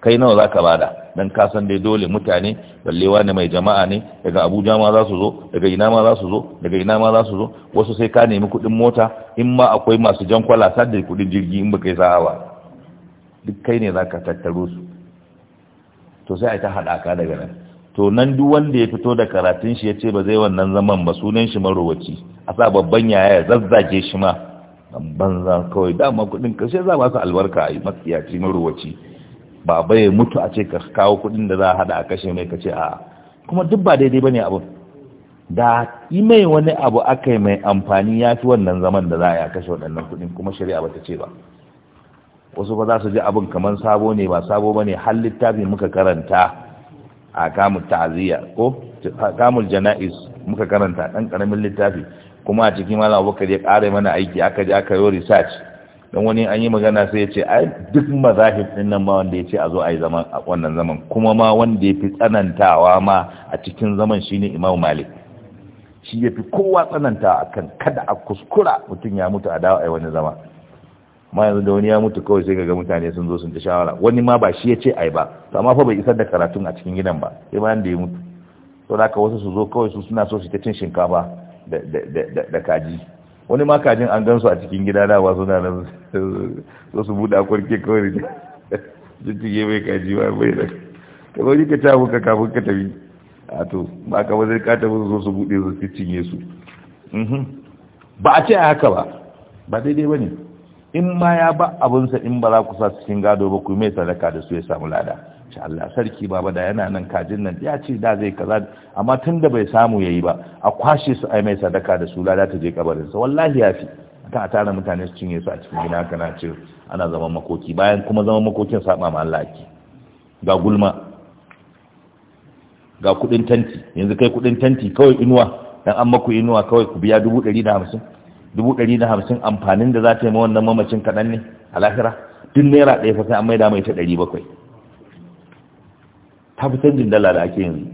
kai nawa za ka bada don kasan dai dole mutane ballewa ne mai jama'a ne daga abuja ma za su zo daga ina ma za su zo daga ina ma za su zo wasu sai ka nemi kudin mota in ma akwai masu jan kwala sadda kudin jirgi in ba kai sa'a ba duk kai ne za ka tattaro su to sai a ta haɗaka daga nan to nan duk wanda ya fito da karatun shi ya ce ba zai wannan zaman ba sunan shi marowaci a sa babban yaya ya zazzage shi ma banza kawai dama kudin kashe za ba albarka a yi matsiyaci marowaci baba ya mutu a ce ka kawo kudin da za a hada a kashe mai ka ce a kuma duk ba daidai ba ne abu. da imai wani abu aka yi mai amfani ya fi wannan zaman da za a ya kashe waɗannan kudin kuma shari'a ba ta ce ba wasu ba za su ji abin kamar sabo ne ba sabo ba ne har littafin muka karanta a kamun ta'aziyya ko kamun jana'iz muka karanta ɗan ƙaramin littafi kuma a cikin malam abubakar ya ƙara mana aiki aka je aka yi research don wani an yi magana sai ya ce ai duk mazahib din nan ma wanda ya ce a zo a yi zaman a wannan zaman kuma ma wanda ya fi tsanantawa ma a cikin zaman shine imam malik shi ya fi kowa tsananta akan kada a kuskura mutum ya mutu a dawo a wani zama ma yanzu da wani ya mutu kawai sai ga mutane sun zo sun ta shawara wani ma ba shi ya ce ai ba to amma fa bai isar da karatun a cikin gidan ba sai ba yanda ya mutu to da wasu su zo kawai su suna so su ta cin shinkafa da kaji wani ma kajin an gansu a cikin gida da ba suna nan so su buɗe akwarki kawai da jijjige mai kaji ba bai da ka zo ka ta ka kafin ka tafi a to ba ka ba zai kata musu so su buɗe su cinye su mhm. ba a ce a haka ba ba daidai ba ne in ma ya ba abinsa in ba za ku sa cikin gado ba ku mai sadaka da su ya samu lada shi Allah sarki baba da yana nan kajin nan ya ce da zai kaza amma tun da bai samu ya yi ba a kwashe su ai mai sadaka da su lada ta je kabarin sa wallahi fi. ta a tara mutane su cinye su a cikin gida kana ce ana zama makoki bayan kuma zaman makokin saba ma Allah ki ga gulma ga kudin tanti yanzu kai kudin tanti kawai inuwa dan an maku inuwa kawai ku biya 150 150 amfanin da za ta yi ma wannan mamacin kadan ne a lahira duk naira ɗaya fa sai an maida mai ta 700 ta fi dala da ake yanzu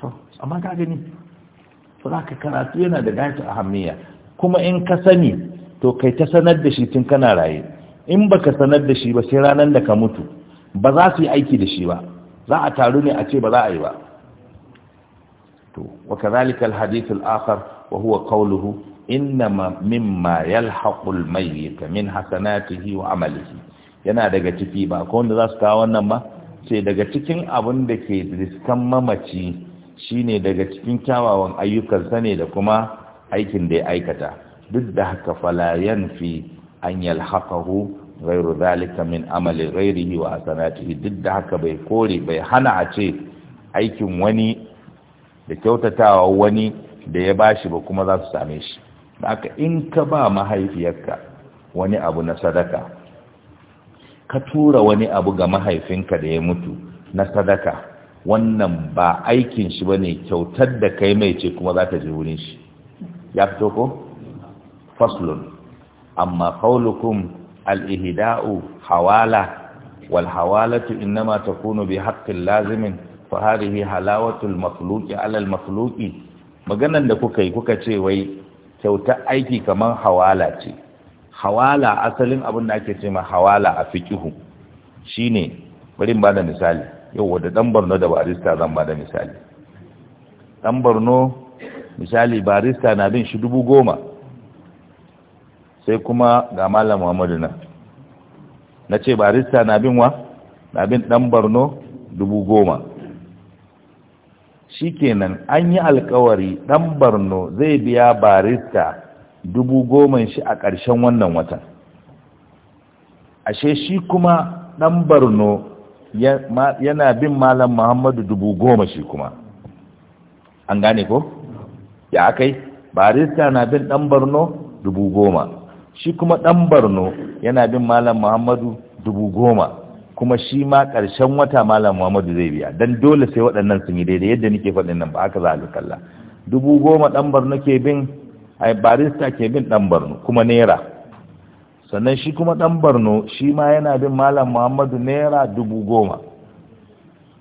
to amma ka gani to za ka karatu yana da a hamiya kuma in ka sani to kai ta sanar da shi tun kana raye in baka sanar da shi ba sai ranar da ka mutu ba za su yi aiki da shi ba za a taru ne a ce ba za a yi ba to wa kadhalika alhadith alakhar wa huwa qawluhu innama mimma yalhaqu almayyit min hasanatihi wa amalihi yana daga ciki ba ko wanda za su kawo wannan ba ce daga cikin abin da ke riskan mamaci shine daga cikin kyawawan ayyukansa ne da kuma aikin da ya aikata duk da haka falayan fi an yalhaqahu ghairu zalika min amali yi wa hasanatihi duk da haka bai kore bai hana a ce aikin wani da kyautatawa wani da ya bashi ba kuma za su same shi haka in ka ba mahaifiyarka wani abu na sadaka ka tura wani abu ga mahaifinka da ya mutu na sadaka wannan ba aikin shi ba ne kyautar da kai mai ce kuma za ta je wurin shi ya fito ko faslun amma qaulukum al-ihda'u hawala wal hawalatu innama takunu bi haƙƙin lazimin faharihi halawatul makhluqi alal al maganan da kuka yi kuka ce wai kyautar aiki kamar hawala ce hawala asalin abin da ake cewa hawala a fikihu shine bari ba da misali yau wadda dan barno da barista zan ba da misali dan barno misali barista na bin shi dubu goma sai kuma ga malam Muhammadu nan na ce barista na bin wa na bin dan barno dubu goma shikenan an yi alkawari dan barno zai biya barista dubu goma shi a ƙarshen wannan watan ashe shi kuma ɗan barno yana bin malam muhammadu dubu goma shi kuma an gane ko ya kai? barista na bin ɗan barno dubu goma shi kuma ɗan barno yana bin malam muhammadu dubu goma kuma shi ma ƙarshen wata malam muhammadu zai biya don dole sai waɗannan sun yi daidai yadda nake faɗin nan ba aka za a dubu goma ɗan barno ke bin ai barista ke bin ɗan barno kuma naira sannan shi kuma ɗan barno shi ma yana bin malam muhammadu naira dubu goma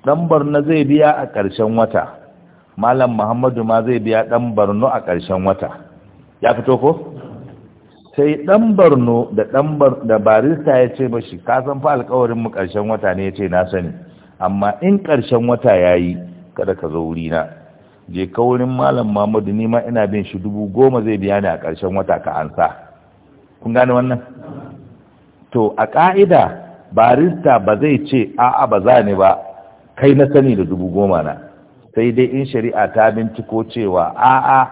Ɗan barno zai biya a ƙarshen wata malam muhammadu ma zai biya ɗan barno a ƙarshen wata ya fito ko sai dan barno da barista ya ce mashi ka san fa alƙawarin mu ƙarshen wata ne ya ce na sani amma in ƙarshen wata ya yi, kada ka zo wurina je ka wurin malam Muhammadu ni ma ina bin shi dubu goma zai biya ni a ƙarshen wata ka ansa kun gane wannan to a ka'ida barista ba zai ce a'a ba za ni ba kai na sani da dubu goma na sai dai in shari'a ta binciko cewa a'a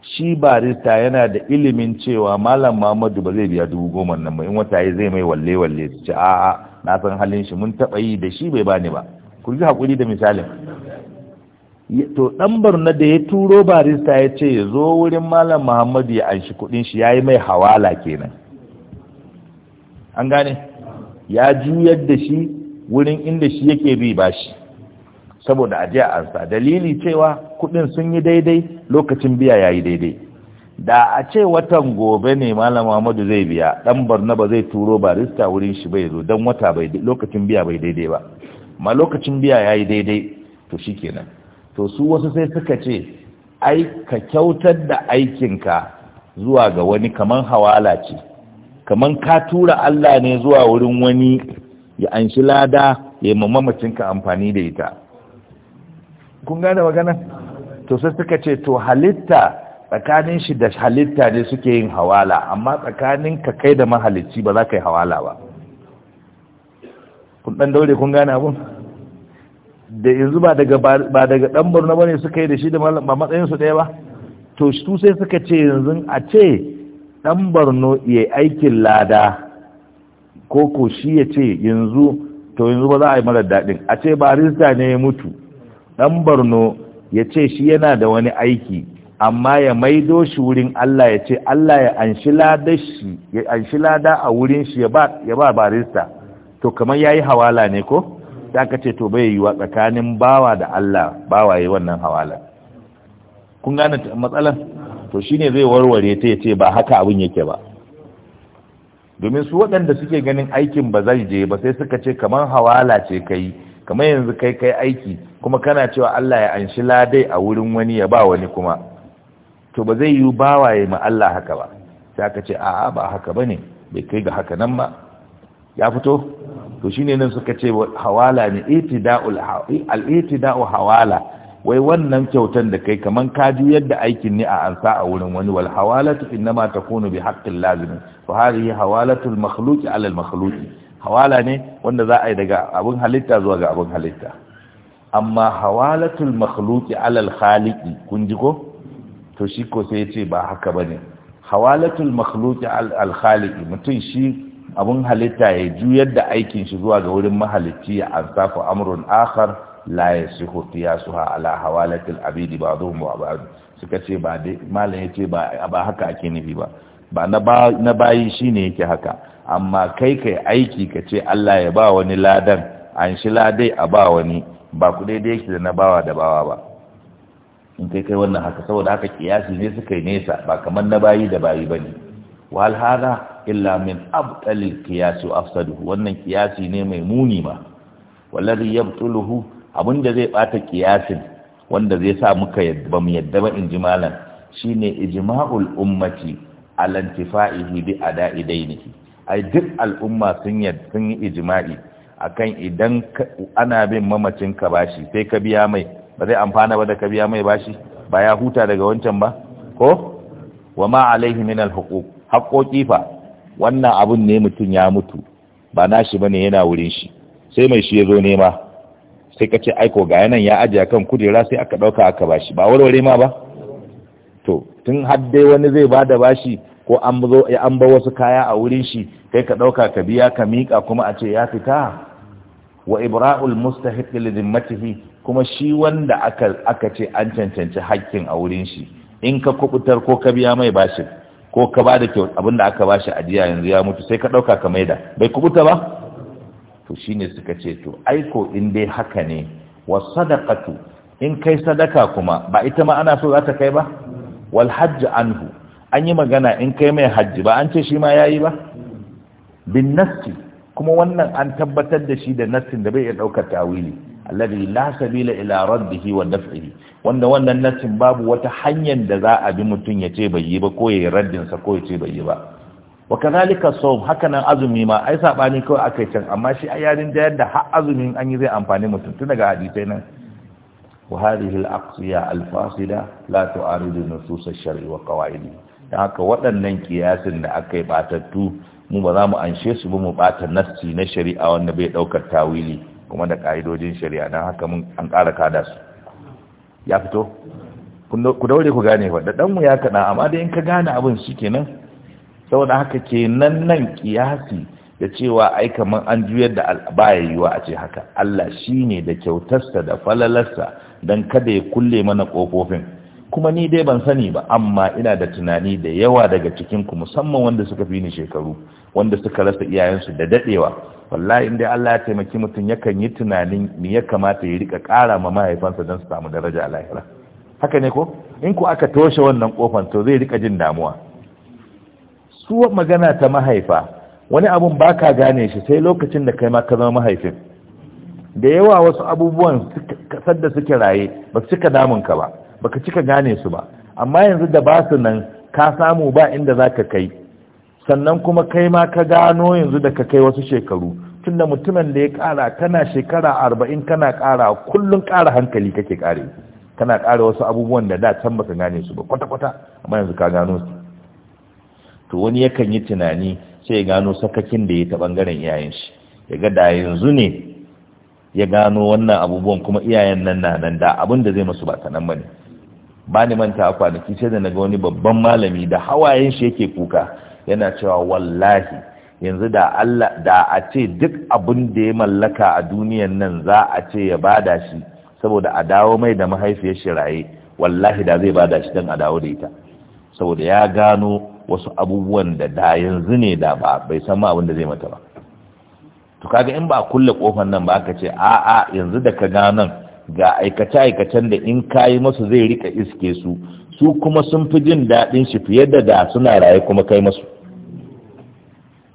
shi barista yana da ilimin cewa malam Muhammadu ba zai biya dubu goma nan ba in wata yi zai mai walle walle su ce a'a na san halin shi mun taɓa yi da shi bai bani ba ku ji haƙuri da misalin to dan barna da ya turo barista ya ce ya zo wurin malam muhammadu ya anshi kuɗin shi ya yi mai hawala kenan an gane ya juyar da shi wurin inda shi yake bi ba shi saboda ajiya ansa dalili cewa kuɗin sun yi daidai lokacin biya ya yi daidai da a ce watan gobe ne malam muhammadu zai biya dan barna ba zai turo barista wurin shi bai zo don wata lokacin biya bai daidai ba ma lokacin biya ya yi daidai to shi kenan. to su wasu sai suka ce ai ka kyautar da aikinka zuwa ga wani kaman hawala ce kaman ka tura Allah ne zuwa wurin wani ya anshi lada ya ka amfani da ita kun gane magana to sai suka ce to halitta tsakanin shi da halitta ne suke yin hawala amma tsakanin ka kai da mahalicci ba za ka yi hawala ba kun dan daure kun gane abun da yanzu ba daga ba daga dan Borno bane suka yi da shi da mallam ba matsayin su ɗaya ba to su sai suka ce yanzu a ce dan Borno yayi aikin lada ko ko shi ya ce yanzu to yanzu ba za a yi mara daɗin a ce barista ne ya mutu dan barno ya ce shi yana da wani aiki amma ya maido shi wurin Allah ya ce Allah ya anshi lada shi ya anshi lada a wurin shi ya ba ya ba barista to kamar yayi hawala ne ko da aka ce to bai wa tsakanin bawa da Allah bawa yi wannan hawala kun gane matsalar to shine zai warware ta yace ba haka abin yake ba domin su waɗanda suke ganin aikin ba zai je ba sai suka ce kamar hawala ce kai kamar yanzu kai kai aiki kuma kana cewa Allah ya anshi ladai a wurin wani ya ba wani kuma to ba zai yi bawa ya ma Allah haka ba sai aka ce a'a ba haka bane bai kai ga haka nan ba ya fito to shine nan suka ce hawala ne itida'ul al-itida'u hawala wai wannan kyautar da kai kaman kaji yadda aikin ne a ansa a wurin wani wal hawalatu innama takunu bi haqqil lazim to hadhihi hawalatul makhluqi ala al hawala ne wanda za a yi daga abun halitta zuwa ga abun halitta amma hawalatul makhluqi ala al khaliqi kun ji ko to shi ko sai ya ce ba haka bane hawalatul makhluqi al khaliqi mutun shi abun halitta ya juyar da aikin shi zuwa ga wurin mahalicci ya ansafu amrun akhar la yasihu qiyasuha ala hawalatil abidi ba'dhum wa ba'd suka ce ba dai malam yace ba ba haka ake nufi ba ba na ba na bayi shine yake haka amma kai kai aiki ka ce Allah ya ba wani ladan an shi ladai a ba wani ba ku daidai yake da na bawa da bawa ba in kai kai wannan haka saboda haka kiyasi ne suka yi nesa ba kamar na bayi da bayi bane wa illa min abtalil qiyas wa afsadu wannan kiyasi ne mai muni ma wallazi yabtuluhu abinda zai bata kiyasin wanda zai sa muka yadda mu yadda ba inji malam shine ijma'ul ummati ala intifa'ihi bi ada'i dainihi ai duk al'umma sun yadda sun yi ijma'i akan idan ana bin mamacin ka bashi sai ka biya mai ba zai amfana ba da ka biya mai bashi ba ya huta daga wancan ba ko wa ma alaihi min al-huquq haƙoƙi fa wannan abun ne mutum ya mutu ba nashi bane yana wurin shi sai mai shi ya zo nema sai ka ce aiko ga yanan ya ajiye kan kujera sai aka ɗauka aka bashi ba warware ma ba to tun haddai wani zai ba da bashi ko an zo an ba wasu kaya a wurin shi kai ka ɗauka ka biya ka miƙa kuma a ce ya fita wa ibra'ul mustahiq li zimmatihi kuma shi wanda aka aka ce an cancanci haƙƙin a wurin shi in ka kubutar ko ka biya mai bashin ko ka ba da kyau abinda aka ba shi ajiya yanzu ya mutu sai ka ɗauka ka maida bai kubuta ba to shine suka ce to aiko in dai haka ne wa sadaqatu in kai sadaka kuma ba ita ma ana so za ta kai ba wal hajj anhu an yi magana in kai mai hajji ba an ce shi ma yayi ba bin nassi kuma wannan an tabbatar da shi da nassin da bai iya ɗaukar tawili alladhi la sabila ila raddihi wa daf'ihi wanda wannan nassin babu wata hanyar da za a bi mutum ya ce bai yi ba ko ya raddin sa ko ya ce bai yi ba wa kadhalika sawm hakanan azumi ma ai sabani kawai akai can amma shi ayarin da yadda har azumin an yi zai amfani mutum tun daga hadisai nan wa hadhihi al-aqsiya al-fasila la tu'aridu nusus ash-shar'i wa qawaidi dan haka waɗannan kiyasin da akai batattu mu ba za mu anshe su ba mu bata nassi na shari'a wanda bai daukar tawili kuma da ka'idojin shari'a don haka mun an ƙara kada su ya fito ku daure ku gane ba da ɗanmu ya kaɗa amma da in ka gane abin shi kenan saboda haka ke nan nan kiyasi da cewa ai kamar an juyar da baya yiwa a ce haka Allah shi ne da kyautarsa da falalarsa don kada ya kulle mana ƙofofin kuma ni dai ban sani ba amma ina da tunani da yawa daga cikinku musamman wanda suka fi ni shekaru wanda suka rasa iyayensu da dadewa wallahi inda Allah ya taimaki mutum yakan yi tunanin me ya kamata ya rika ƙara ma mahaifansa don su samu daraja a lahira haka ne ko in ku aka toshe wannan kofan to zai rika jin damuwa su magana ta mahaifa wani abun baka gane shi sai lokacin da kai ma ka zama mahaifin da yawa wasu abubuwan sadda suke raye ba su cika damun ka ba baka cika gane su ba amma yanzu da basu nan ka samu ba inda zaka kai sannan kuma kai ma ka gano yanzu da ka kai wasu shekaru tunda mutumin da ya kara kana shekara arba'in kana kara kullum kara hankali kake kare kana kara wasu abubuwan da da can baka gane su ba kwata-kwata amma yanzu ka gano su to wani yakan yi tunani sai ya gano sakakin da ya ta bangaren iyayen shi ya ga da yanzu ne ya gano wannan abubuwan kuma iyayen nan na nan da abin da zai masu ba ta nan ba ni manta a kwanaki sai da naga wani babban malami da hawayen shi yake kuka yana cewa wallahi yanzu da Allah da a ce duk abin da ya mallaka a duniyan nan za a ce ya bada shi saboda a dawo mai da mahaifiyar shi raye wallahi da zai bada shi don a dawo da ita saboda ya gano wasu abubuwan da da yanzu ne da ba bai san ma abin da zai mata ba to kaga in ba kulle kofan nan ba aka ce a'a yanzu da ka nan ga aikace aikacen da in kayi masu zai rika iske su su kuma sun fi jin daɗin shi fiye da da suna raye kuma kai masu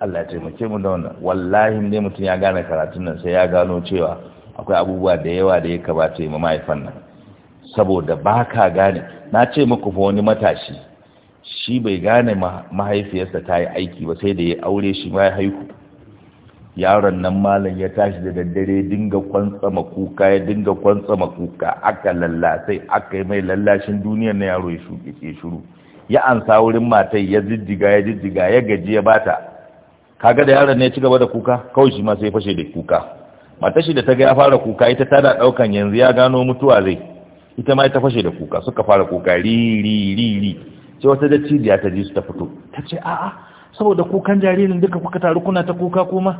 Allah ya taimake mu da wannan wallahi ne mutum ya gane karatun nan sai ya gano cewa akwai abubuwa da yawa da ya kamata ya mahaifan nan saboda ba ka gane na ce muku fa wani matashi shi bai gane mahaifiyarsa ta yi aiki ba sai da ya aure shi ma ya haihu yaron nan malam ya tashi da daddare dinga kwantsama kuka ya dinga kwantsama kuka aka lallasai aka yi mai lallashin duniyar na yaro ya shuru ya ansa wurin matai ya jijjiga ya jijjiga ya gaji ya bata kaga da yaron ne ya ci gaba da kuka kawai shi ma sai fashe da kuka matar shi da ta ga ya fara kuka ita ta da daukan yanzu ya gano mutuwa zai ita ma ta fashe da kuka suka fara kuka ri ri ri ri ce wata ta ji su ta fito ta ce a'a saboda kukan jaririn duka kuka taru kuna ta kuka kuma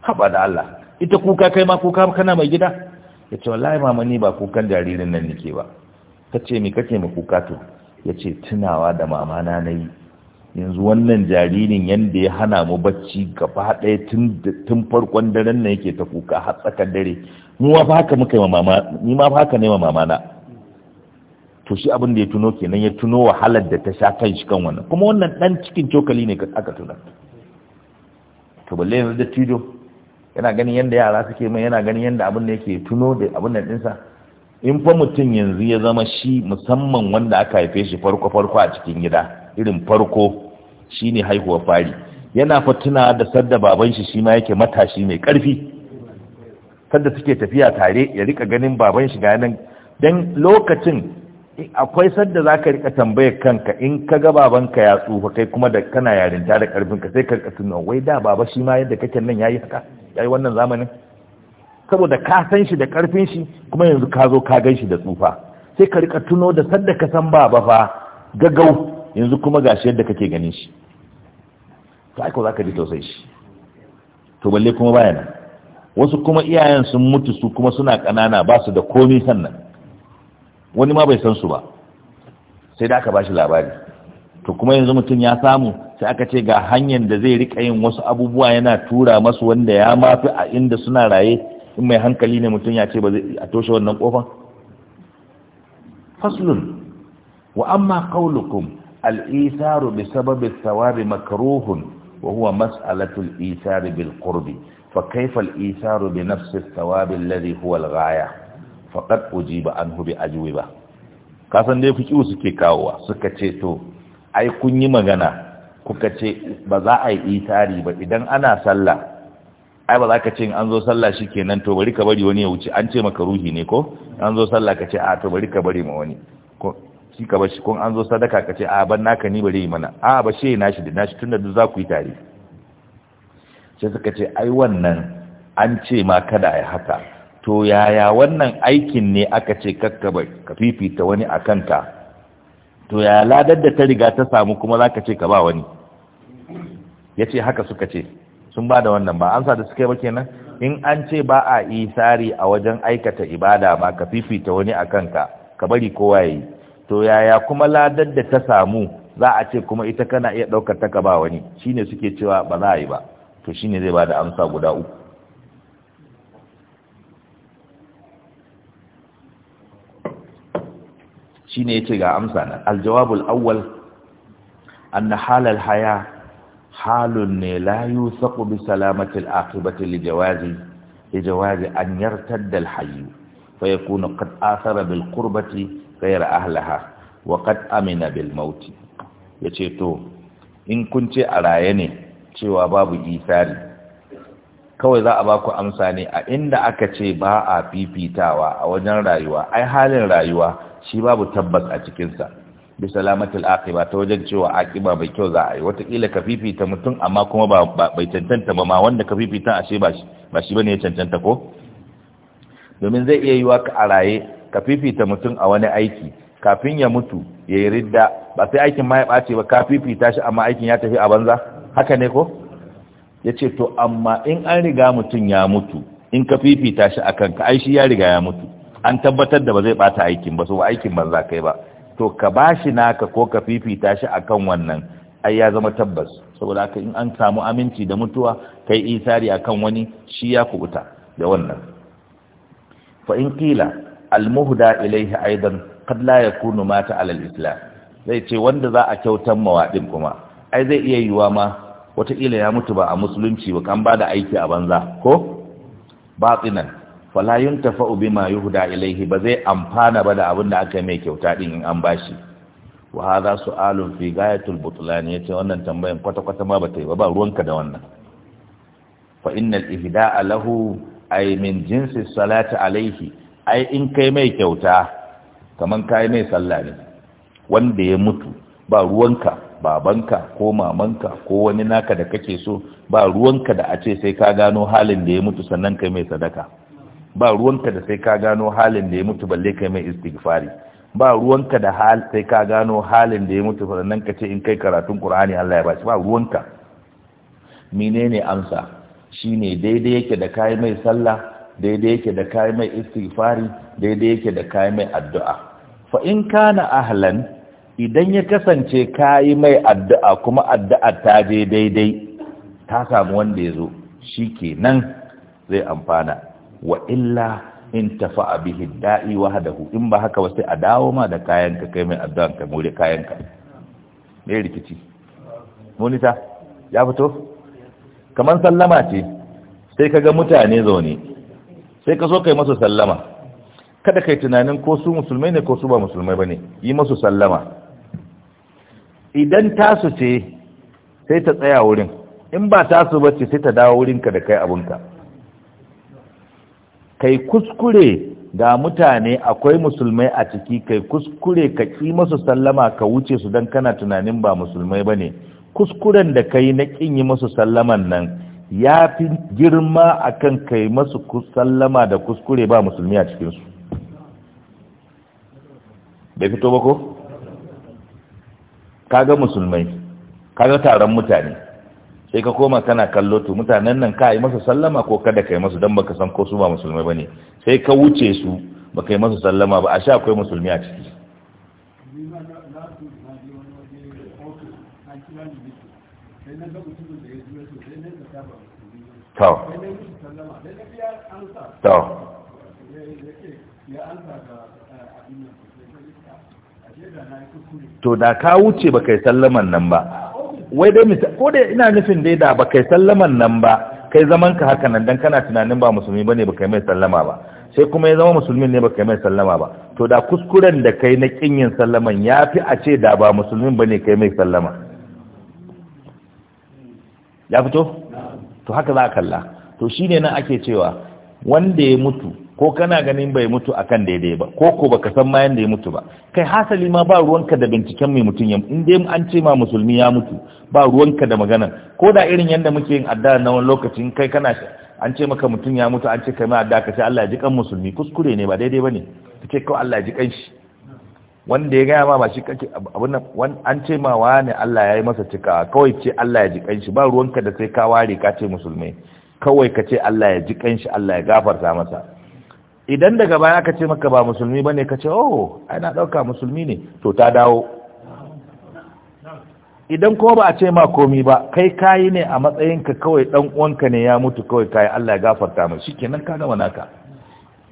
haba da Allah ita kuka kai ma kuka kana mai gida ya ce wallahi mama ni ba kukan jaririn nan nake ba ta ce mi kake mu kuka to ya ce tunawa da mamana na yi yanzu wannan jaririn yadda ya hana mu bacci gaba ɗaya tun farkon daren na yake ta kuka har tsakar dare mu ma haka muka yi ni ma haka ne mama na to shi abin da ya tuno kenan ya tuno wahalar da ta sha kan shi kan wannan kuma wannan dan cikin cokali ne aka tuna to balle yanzu da tido yana ganin yadda yara suke mai yana ganin yadda abin da yake tuno da abin da ɗinsa in fa mutum yanzu ya zama shi musamman wanda aka haife shi farko-farko a cikin gida irin farko shi ne haihuwar fari yana fatuna da sadda baban shi shi ma yake matashi mai karfi sadda suke tafiya tare ya rika ganin baban shi ga nan dan lokacin akwai sadda zaka rika tambayar kanka in ka ga babanka ya tsufa kai kuma da kana yarinta da karfin ka sai ka rika tunawa wai da baba shi ma yadda kake nan yayi haka yayi wannan zamanin saboda ka san shi da karfin shi kuma yanzu ka zo ka gan shi da tsufa sai ka rika tuno da sadda ka san ba ba fa gagau. yanzu kuma gashi yadda kake ganin shi to aiko za ka ji tausayi shi to balle kuma baya nan wasu kuma iyayen sun mutu su kuma suna ƙanana ba su da komai sannan wani ma bai san su ba sai da aka ba shi labari to kuma yanzu mutum ya samu sai aka ce ga hanyar da zai rika yin wasu abubuwa yana tura masu wanda ya mafi a inda suna raye in mai hankali ne mutum ya ce ba zai a toshe wannan kofan faslun wa amma qaulukum al-isaru bi sabab al-thawab makruhun wa huwa mas'alatu al isar bil qurb fa kayfa al isar bi nafs al thawab alladhi huwa al-ghaya faqad ujiba anhu bi ajwiba ka san dai fiki suke kawowa suka ce to ai kun yi magana kuka ce ba za a yi isari ba idan ana sallah ai ba za ka ce an zo sallah shi kenan to bari ka bari wani ya wuce an ce maka ruhi ne ko an zo sallah ka ce a to bari ka bari ma wani ko shi ka bashi kun an zo sadaka ka ce a ban naka ni bari mana a ba shi nashi da nashi tunda duk za ku yi tare sai suka ce ai wannan an ce ma kada ya haka to yaya wannan aikin ne aka ce kakka bai ka fifita wani a kanka to yaya ladar da ta riga ta samu kuma za ka ce ka ba wani ya ce haka suka ce sun ba da wannan ba amsa da suke ba kenan in an ce ba a isari a wajen aikata ibada ba ka fifita wani a kanka ka bari kowa yi to yaya kuma ladar da ta samu za a ce kuma ita kana iya ɗaukar ta ka ba wani shine suke cewa ba za a yi ba to shine zai ba da amsa guda uku shine ce ga amsa na aljawabul awwal anna halal haya halun ne la yusaqu bi salamati al-aqibati li jawazi li jawazi an yartadda al-hayy ahliha wa qad amina bil maut yace to in kun ce a raye ne cewa babu isari kawai za a ba ku amsa ne a inda aka ce ba a fifitawa a wajen rayuwa ai halin rayuwa shi babu tabbas a cikinsa bi salamatul aqiba ta wajen cewa aqiba bai kyau za a yi watakila ka fifita mutum amma kuma ba bai cancanta ba ma wanda ka fifita ashe shi ba shi bane ya cancanta ko domin zai iya yiwa ka araye ka fifita mutum a wani aiki kafin ya mutu ya yi ridda ba sai aikin ma ya ɓace ba ka fifita shi amma aikin ya tafi a banza haka ne ko ya to amma in an riga mutum ya mutu in ka fifita shi a kanka ai shi ya riga ya mutu an tabbatar da ba zai ɓata aikin ba so aikin banza kai ba to ka ba shi naka ko ka fifita shi a kan wannan ai ya zama tabbas saboda haka in an samu aminci da mutuwa kai isari akan wani shi ya kubuta da wannan fa in qila al muhda aidan qad la yakunu mata ala islam zai ce wanda za a kyautan mawadin kuma ai zai iya yiwa ma wataƙila ya mutu ba a musulunci ba kan ba da aiki a banza ko batsinan fala yuntafa'u bima yuhda ilaihi ba zai amfana ba da abin da aka mai kyauta din in an bashi wa su su'alun fi ghayatul Ya ce wannan tambayan kwata kwata ma bata yi ba ba ruwanka da wannan fa innal ihda'a lahu ay min jinsi salati alaihi ai in kai mai kyauta kaman kai mai sallah ne wanda ya mutu ba ruwanka babanka ko mamanka ko wani naka da kake so ba ruwanka da a ce sai ka gano halin da ya mutu sannan kai mai sadaka ba ruwanka da sai ka gano halin da ya mutu balle kai mai istighfari ba ruwanka da hal sai ka gano halin da ya mutu sannan ka ce in kai karatun Qur'ani Allah ya bashi ba ruwanka menene amsa shine daidai yake da kai mai sallah daidai yake da kai mai istighfari daidai yake da kai mai addu'a fa in kana ahlan idan ya kasance kai mai addu'a kuma addu'a ta je daidai ta samu wanda ya zo shikenan zai amfana wa illa in tafa'a bihi da'i wahdahu in ba haka ba a dawo ma da kayan ka kai mai addu'an ka more kayan ka me rikici monita ya fito kaman sallama ce sai kaga mutane zaune sai ka so kai masa sallama kada kai tunanin ko su musulmai ne ko su ba musulmai bane yi masa sallama idan tasu ce sai ta tsaya wurin in ba tasu ba ce sai ta dawo wurinka da kai abunka kai kuskure ga mutane akwai musulmai a ciki kai kuskure ka ƙi masu sallama ka wuce su don kana tunanin ba musulmai ba ne kuskuren da ka yi na ƙin yi masu sallaman nan ya fi girma a kan ka yi masu sallama da kuskure ba musulmi a cikinsu bai fito ba ko? kaga musulmai kaga taron mutane sai ka koma kana kallo to mutanen nan ka yi masa sallama ko kada ka yi masa don baka san ko su ba musulmai bane sai ka wuce su baka yi masa sallama ba a sha akwai musulmi a ciki to da ka wuce baka yi sallaman nan ba wai dai ko dai ina nufin dai da ba kai sallaman nan ba kai zaman ka haka nan dan kana tunanin ba musulmi bane ba kai mai sallama ba sai kuma ya zama musulmin ne ba kai mai sallama ba to da kuskuren da kai na kin yin sallaman yafi a ce da ba musulmin bane kai mai sallama ya fito to haka za ka kalla to shine nan ake cewa wanda ya mutu ko kana ganin bai mutu akan daidai ba ko ko baka san ma yanda ya mutu ba kai hasali ma ba ruwanka da binciken mai mutum ya in dai an ce ma musulmi ya mutu ba ruwanka da magana ko da irin yanda muke yin addu'a na wani lokacin kai kana an ce maka mutum ya mutu an ce kai ma addu'a ka ce Allah ya ji kan musulmi kuskure ne ba daidai bane kace ko Allah ya ji kan shi wanda ya gaya ma ba shi kake abun nan an ce ma wa ne Allah ya yi masa cika kawai ce Allah ya ji kanshi ba ruwanka da sai ka ware ka ce musulmai kawai ka ce Allah ya ji kanshi Allah ya gafarta masa idan daga baya kace ce maka ba musulmi bane ka ce oh ana ɗauka musulmi ne to ta dawo idan kuma ba a ce ma komi ba kai kayi ne a ka kawai ɗan uwanka ne ya mutu kawai kayi Allah ya gafarta mai shikenan ka gama naka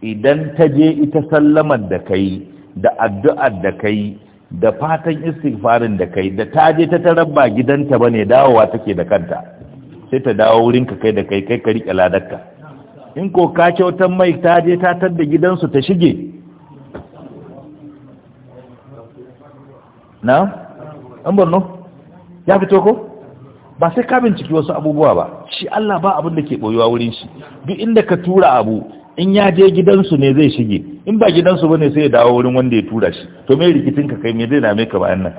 idan ta je ita sallamar da kai da addu'ar da kai da fatan istighfarin da kai da ta je ta tarabba gidanta bane dawowa take da kanta sai ta dawo wurin ka kai da kai kai ka rike ladarka in ko ka kyautar mai ta je ta tadda gidansu ta shige na an borno ya fito ko ba sai ka binciki wasu abubuwa ba shi Allah ba abin da ke boyuwa wurin shi duk inda ka tura abu in ya je gidansu ne zai shige in ba gidansu ba bane sai ya dawo wurin wanda ya tura shi to me rikicin ka kai me zai dame ka bayan nan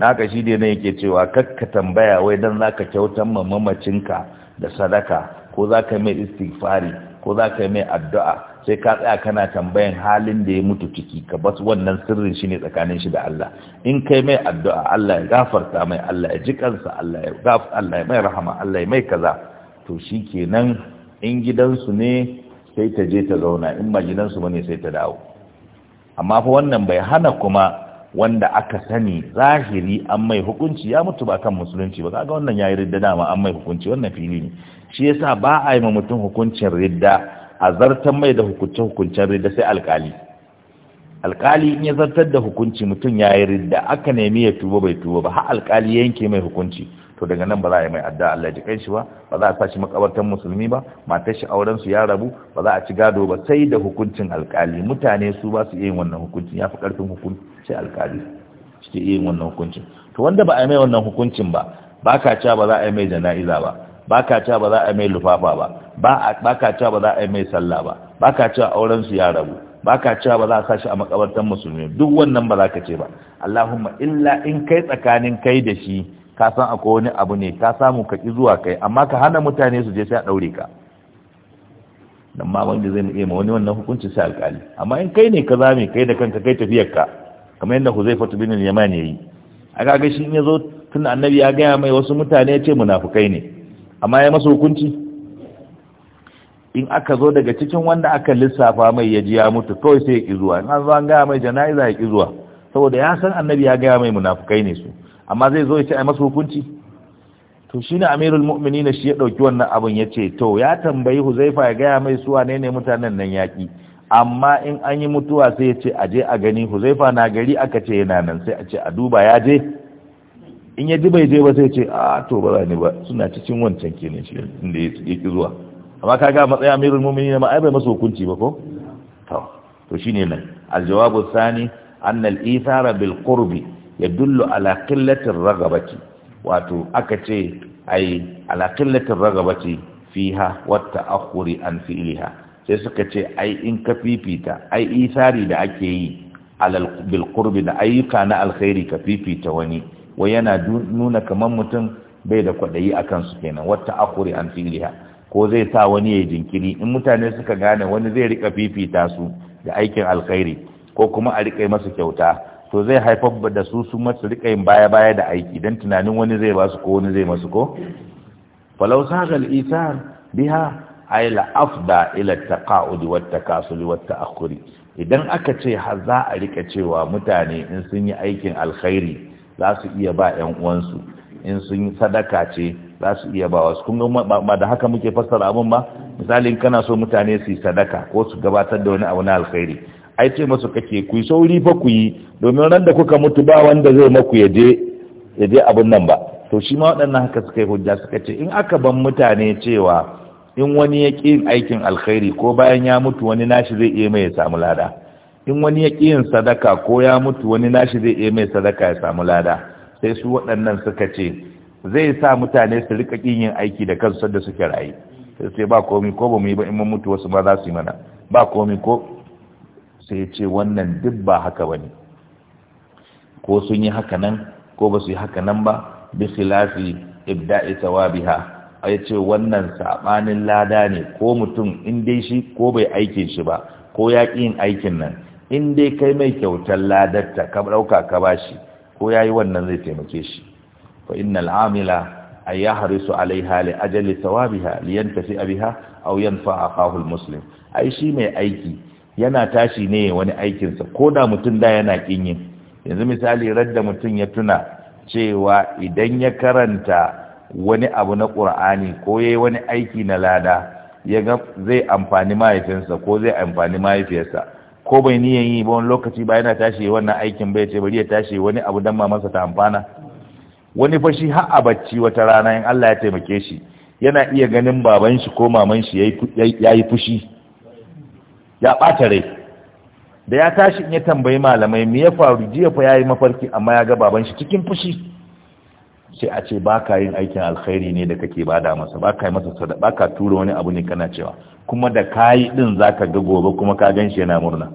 na ka shi dai ne yake cewa kakka tambaya wai dan zaka kyautar mamacinka da sadaka ko za ka mai istighfari ko za ka mai addu'a sai ka tsaya kana tambayan halin da ya mutu ciki ka bas wannan sirrin shi ne tsakanin shi da Allah in kai mai addu'a Allah ya gafarta mai Allah ya ji kansa Allah ya gaf Allah ya mai rahama Allah ya mai kaza to shi nan in gidansu ne sai ta je ta zauna in ba gidansu ne sai ta dawo amma fa wannan bai hana kuma wanda aka sani zahiri an mai hukunci ya mutu ba kan musulunci ba kaga wannan yayi ridda dama an mai hukunci wannan fili ne shi yasa ba a yi ma mutum hukuncin ridda a zartar mai da hukunce-hukuncen ridda sai alkali alkali in ya zartar da hukunci mutum ya yi ridda aka nemi ya tuba bai tuba ba har alkali yanke mai hukunci to daga nan ba za a yi mai adda Allah ji kai shi ba ba za a sa shi makabartan musulmi ba matar shi auren su ya rabu ba za a ci gado ba sai da hukuncin alkali mutane su ba su yin wannan hukuncin ya fi karfin hukuncin alkali iya yin wannan hukuncin to wanda ba a yi mai wannan hukuncin ba ba ka cewa ba za a yi mai jana'iza ba ba ka cewa ba za a mai lufafa ba ba ka cewa ba za a mai sallah ba ba ka cewa auren su ya rabu ba ka cewa ba za a sashi a makabartan musulmi duk wannan ba za ka ce ba Allahumma illa in kai tsakanin kai da shi ka san akwai wani abu ne ka samu ka ki zuwa kai amma ka hana mutane su je sai a daure ka dan ma wanda zai yi ma wani wannan hukunci sai alƙali amma in kai ne ka zame kai da kanka kai tafiyar ka kamar yadda huzaifa bin Yaman yayi aka ga shi in yazo tun annabi ya gaya mai wasu mutane ya ce munafukai ne amma ya masa hukunci in aka zo daga cikin wanda aka lissafa mai ya ji ya mutu kawai sai ya ki zuwa in an zo an gaya mai jana'iza ya ki zuwa saboda ya san annabi ya gaya mai munafukai ne su amma zai zo ya ce a masa hukunci to shi ne amirul na shi ya ɗauki wannan abin ya ce to ya tambayi huzaifa ya gaya mai suwa ne ne mutanen nan yaƙi amma in an yi mutuwa sai ya ce a je a gani huzaifa na gari aka ce yana nan sai a ce a duba ya je in ya ji bai je ba sai ce a ah, to ba ne ba suna cikin wancan kenan shi inda ya ki zuwa amma kaga matsayin amirul mu'minin ma ai bai masa hukunci ba ko to shine nan aljawabu thani anna al-ithara bil qurbi yadullu ala qillati ar-raghabati wato aka ce ai ala qillati ar fiha wa ta'akhuri an fi'liha sai suka ce ai in ka fifita ai isari da ake yi alal bil qurbi da ayyuka na alkhairi ka fifita wani wai yana nuna kamar mutum bai da kwaɗayi a kansu kenan wata akuri an filiha ko zai sa wani ya jinkiri in mutane suka gane wani zai rika fifita su da aikin alkhairi ko kuma a rika masu kyauta to zai haifar da su su masu rika yin baya baya da aiki dan tunanin wani zai ba su ko wani zai masu ko falau sagal isar biha aila afda ila taqaud wa takasul wa ta'akhuri idan aka ce har za a rika cewa mutane in sun yi aikin alkhairi za su iya ba 'yan uwansu in sun yi sadaka ce za su iya ba wasu kuma ba da haka muke fassara abin ba misalin kana so mutane su yi sadaka ko su gabatar da wani abu na alkhairi ai ce masu kake ku yi sauri fa ku yi domin ran da kuka mutu ba wanda zai maku ya je ya abin nan ba to shi ma waɗannan haka suka yi hujja suka ce in aka ban mutane cewa in wani ya ƙi aikin alkhairi ko bayan ya mutu wani nashi zai iya mai ya samu lada in wani ya ƙi yin sadaka ko ya mutu wani nashi zai iya mai sadaka ya samu lada sai su waɗannan suka ce zai sa mutane su rika ƙin yin aiki da kansu da suke rayu sai sai ba komi ko ba mu yi ba in mun mutu wasu ma za su yi mana ba komi ko sai ce wannan duk ba haka ba ne ko sun yi haka nan ko ba su yi haka nan ba bi wa biha a ya ce wannan sabanin lada ne ko mutum in dai shi ko bai aikin shi ba ko ya ƙi yin aikin nan in dai kai mai kyautar ladarta ka ɗauka ka ba shi ko ya yi wannan zai taimake shi fa innal amila ay yahrisu alaiha li ajali thawabiha li yantafi biha aw yanfa'a akahu almuslim ai shi mai aiki yana tashi ne wani aikinsa, ko koda mutum da yana kin yanzu misali radda mutum ya tuna cewa idan ya karanta wani abu na Ƙur'ani, ko yayi wani aiki na lada ya ga zai amfani mahaifinsa ko zai amfani mahaifiyarsa ko bai niyan yi ba wani lokaci ba yana tashi wannan aikin bai ce bari ya tashi wani abu dan sa ta amfana wani fa shi har a bacci wata rana in Allah ya taimake shi yana iya ganin baban shi ko maman shi yayi fushi ya bata rai da ya tashi in ya tambayi malamai me ya faru jiya fa yayi mafarki amma ya ga baban shi cikin fushi sai a ce baka yin aikin alkhairi ne da kake bada masa baka yi masa ba baka tura wani abu ne kana cewa kuma da kayi din zaka ga gobe kuma ka ganshi yana murna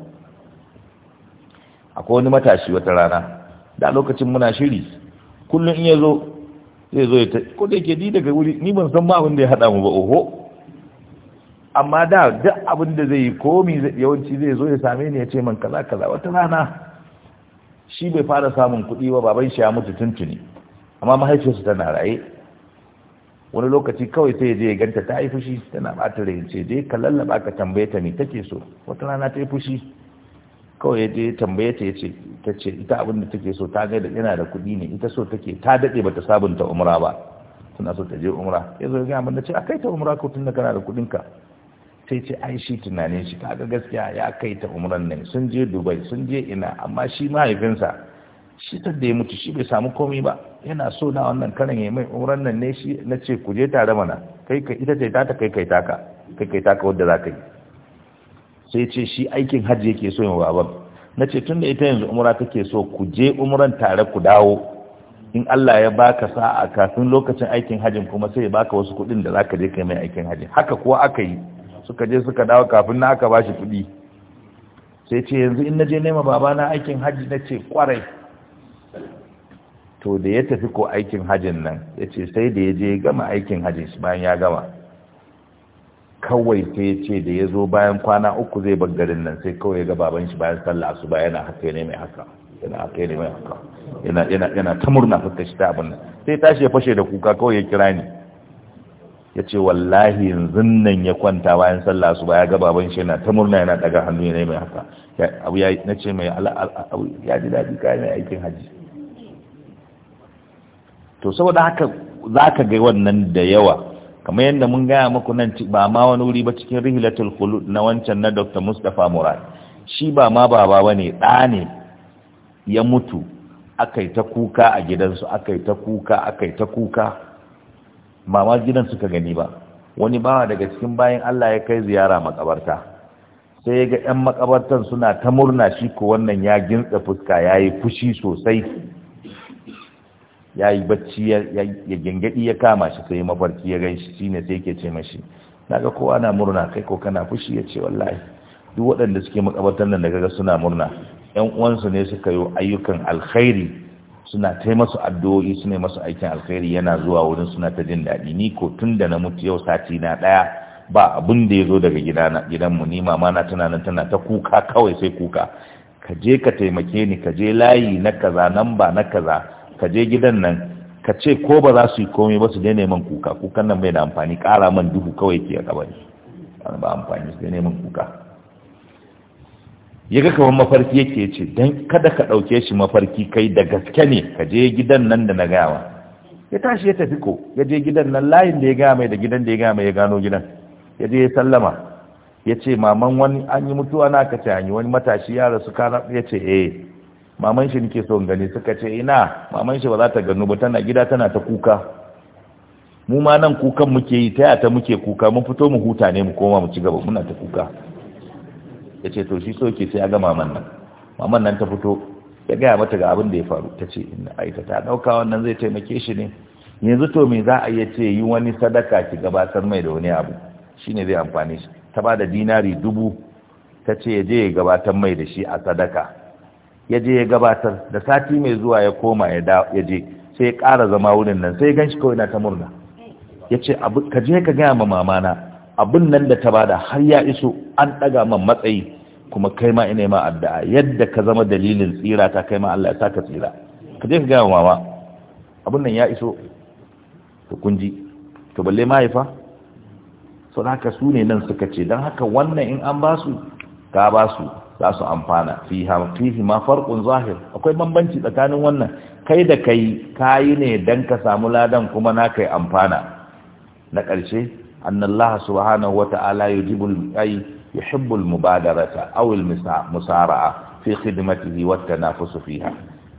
akwai wani matashi wata rana da lokacin muna shiri kullum in yazo zai zo ya ko da yake di daga wuri ni ban san ma abin da ya hada mu ba oho amma da duk abin da zai yi komi yawanci zai zo ya same ni ya ce man kaza kaza wata rana shi bai fara samun kuɗi ba baban shi ya mutu tuntuni amma mahaifiyarsa tana raye wani lokaci kawai sai je ya ganta ta yi fushi tana bata rayu ce je ka lallaba ka tambaye ta ne take so wata rana ta yi fushi kawai je tambaye ta yace ta ce ita abin da take so ta ga da yana da kuɗi ne ita so take ta dade bata sabunta umra ba tana so ta je umra yazo ya ga mun da ce akai ta umra ko tun da kana da kuɗin ka sai ce ai shi tunanin shi kaga gaskiya ya kai ta umran ne sun je Dubai sun je ina amma shi mahaifinsa shi da ya mutu shi bai samu komi ba yana so na wannan karin ya mai umran nan ne shi na ce ku je tare mana kai ka ita ce ta ta kai kai taka kai kai taka wadda za ka yi sai ce shi aikin hajji yake so yin baban na ce tun da ita yanzu umra take so ku je umran tare ku dawo in Allah ya baka sa'a kafin lokacin aikin hajjin kuma sai ya baka wasu kuɗin da za ka je kai mai aikin hajji haka kuwa aka yi suka je suka dawo kafin na aka bashi kuɗi sai ce yanzu in na je nema babana aikin hajji na ce kwarai to da ya tafi ko aikin hajin nan ya ce sai da ya je gama aikin hajin shi bayan ya gama kawai sai ya ce da ya zo bayan kwana uku zai bangarin nan sai kawai ya ga baban shi bayan sallah su ba yana haka ne mai haka yana haka ne mai haka yana yana yana ta murna fuskar shi ta abin nan sai tashi ya fashe da kuka kawai ya kira ni ya ce wallahi yanzu nan ya kwanta bayan sallah su ba ya ga baban shi yana ta murna yana daga hannu ne mai haka abu ya na ce mai ya ji daɗi kayan aikin hajji to saboda haka za ka ga wannan da yawa kamar yadda mun gaya muku nan ba ma wani wuri ba cikin rihilatul khulud na wancan na dr mustapha murad shi ba ma baba ba ne Da ne ya mutu aka ta kuka a gidansu aka ta kuka aka ta kuka ba ma gidan suka gani ba wani bawa daga cikin bayan allah ya kai ziyara makabarta sai ya ga 'yan makabartan suna ta murna shi ko wannan ya gintsa fuska ya yi fushi sosai ya yi bacci ya gengadi ya kama shi sai mafarki ya gan shi shine sai yake ce mashi naga kowa na murna kai ko kana fushi ya ce wallahi duk waɗanda suke makabartar nan da kaga suna murna ƴan uwansu ne suka yi ayyukan alkhairi suna ta masu addu'o'i suna yi masu aikin alkhairi yana zuwa wurin suna ta jin daɗi ni ko tun da na mutu yau sati na ɗaya ba abin da ya zo daga gidana gidanmu ni mama na tana nan tana ta kuka kawai sai kuka ka je ka taimake ni ka je layi na kaza nan ba na kaza ka je gidan nan ka ce ko ba za su yi komai ba su je man kuka kukan nan bai da amfani ƙara man duhu kawai ke a kabari ba amfani su je man kuka ya ga kamar mafarki yake ce don kada ka ɗauke shi mafarki kai da gaske ne ka je gidan nan da na gawa ya tashi ya tafi ko ya je gidan nan layin da ya gaya mai da gidan da ya gaya mai ya gano gidan ya je ya sallama ya ce maman wani an yi mutuwa na ka ce an yi wani matashi yara su kana ya ce eh maman shi nake son gani suka ce ina maman shi ba za ta gano ba tana gida tana ta kuka mu ma nan kukan muke yi ta ta muke kuka mun fito mu huta ne mu koma mu ci gaba muna ta kuka ya ce to shi soke sai ya ga maman nan maman nan ta fito ya gaya mata ga abin da ya faru ta ce ina aita ta ɗauka wannan zai taimake shi ne yanzu to me za a iya ce yi wani sadaka ki gabatar mai da wani abu shine zai amfani shi ta ba da dinari dubu ta ce ya je ya gabatar mai da shi a sadaka ya je ya gabatar da sati mai zuwa ya koma ya je sai ya kara zama wurin nan sai ya ganshi kawai na ta murna ya ce ka je ka gaya ma mamana abin nan da ta bada har ya iso an ɗaga man matsayi kuma kai ma ina ma addu'a yadda ka zama dalilin tsira ta kai ma Allah ya saka tsira ka je ka gaya ma mama abin nan ya iso to kunji to balle mahaifa sau da haka su nan suka ce don haka wannan in an ba su ka ba su za su amfana fiha fihi ma farqun zahir akwai bambanci tsakanin wannan kai da kai kayi ne dan ka samu ladan kuma na kai amfana na ƙarshe annallaha subhanahu wata'ala yujibul ay yuhibbul mubadarata aw al musara'a fi khidmatihi wat tanafus fiha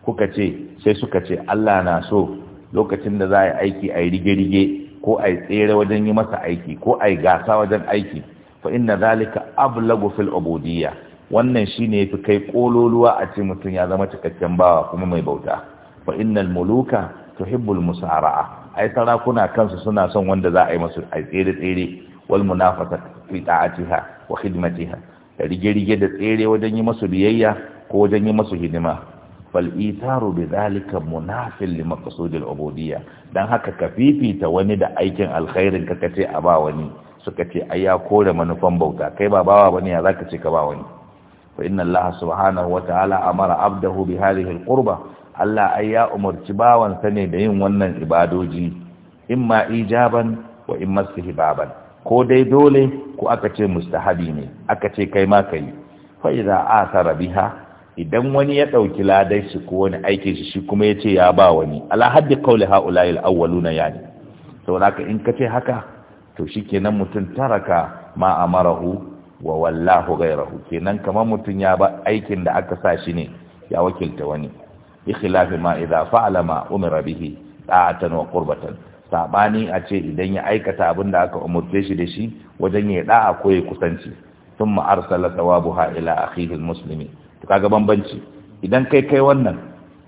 kuka ce sai suka ce Allah na so lokacin da za a aiki a rige-rige ko a tsere wajen yi masa aiki ko a gasa wajen aiki fa inna zalika ablagu fil ubudiyya wannan shine yafi kai kololuwa a ce mutum ya zama cikakken bawa kuma mai bauta fa innal muluka tuhibbul musara'a ai sarakuna kansu suna son wanda za a yi masu a tsere tsere wal munafasa fi ta'atiha wa khidmatiha da rige rige da tsere wajen yi masu biyayya ko wajen yi masu hidima fal itaru bi zalika munafil li maqsudil ubudiyya dan haka ka fifita wani da aikin alkhairin ka kace a ba wani suka ce ai ya kore manufan bauta kai ba bawa bane ya zaka ce ka ba wani fa inna Allah subhanahu wataala amara abdahu bi hadhihi alqurba Allah ai ya umarci bawansa ne da yin wannan ibadoji imma ijaban wa in imma istihbaban ko dai dole ko aka ce mustahabi ne aka ce kai ma kai fa idza athara biha idan wani ya ɗauki ladai shi ko wani aikin shi shi kuma ya ce ya ba wani ala haddi qawli haula'il awwaluna yani saboda in ka ce haka to shi shikenan mutum taraka ma amarahu wa wallahu ghayrahu kenan kamar mutun ya ba aikin da aka sa shi ne ya wakilta wani Ikilafi ma idza fa'ala ma umira bihi ta'atan wa qurbatan sabani a ce idan ya aikata abin da aka umurce shi da shi wajen ya da'a ko ya kusanci thumma arsala thawabuha ila akhihi almuslimi to kaga bambanci idan kai kai wannan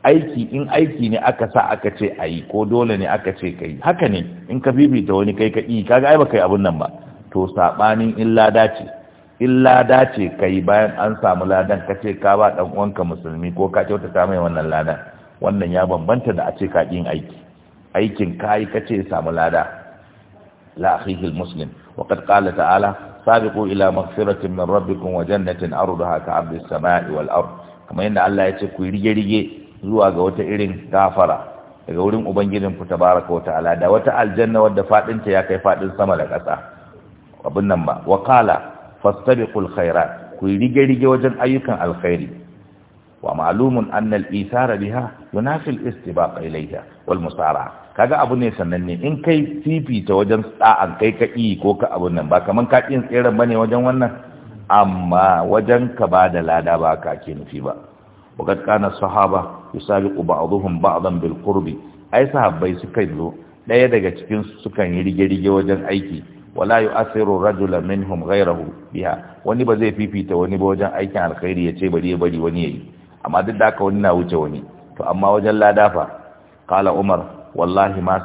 aiki in aiki ne aka sa aka ce ayi ko dole ne aka ce kai haka ne in ka bibita wani kai ka yi kaga ai ba kai abin nan ba to sabanin illa dace in lada ce kai bayan an samu ladan ka ce ka ba dan uwanka musulmi ko ka kyautata mai wannan ladan wannan ya bambanta da a ce ka yin aiki aikin kai ka ce samu lada la akhihi muslim wa qad qala ta'ala sabiqu ila maghfiratin min rabbikum wa jannatin arduha ka abdi samai wal ard kamar yadda Allah ya ce ku rige rige zuwa ga wata irin gafara daga wurin ubangijin ku tabaraka wa ta'ala da wata aljanna wadda fadin ta ya kai fadin sama da ƙasa abin nan ba wa qala fastabiqul khairat ku rige-rige wajen ayyukan alkhairi wa ma'lumun 'Isa al-isara biha yunafi wal musara kaga abu ne sananne in kai fifita wajen tsa'an kai ka yi ko ka abun nan ba kaman ka kin tseren ne wajen wannan amma wajen ka ba da lada ba ka ke nufi ba wakad kana sahaba yusabiqu ba'dhum ba'dan bil qurbi ai sahabbai suka zo daya daga cikin su kan yi rige-rige wajen aiki wala asiru rajula minhum ghayrahu biha wani ba zai fifita wani ba wajen aikin alkhairi ce bari ya bari wani yayi amma duk da aka wani na wuce wani to amma wajen ladafa Kala umar wallahi ma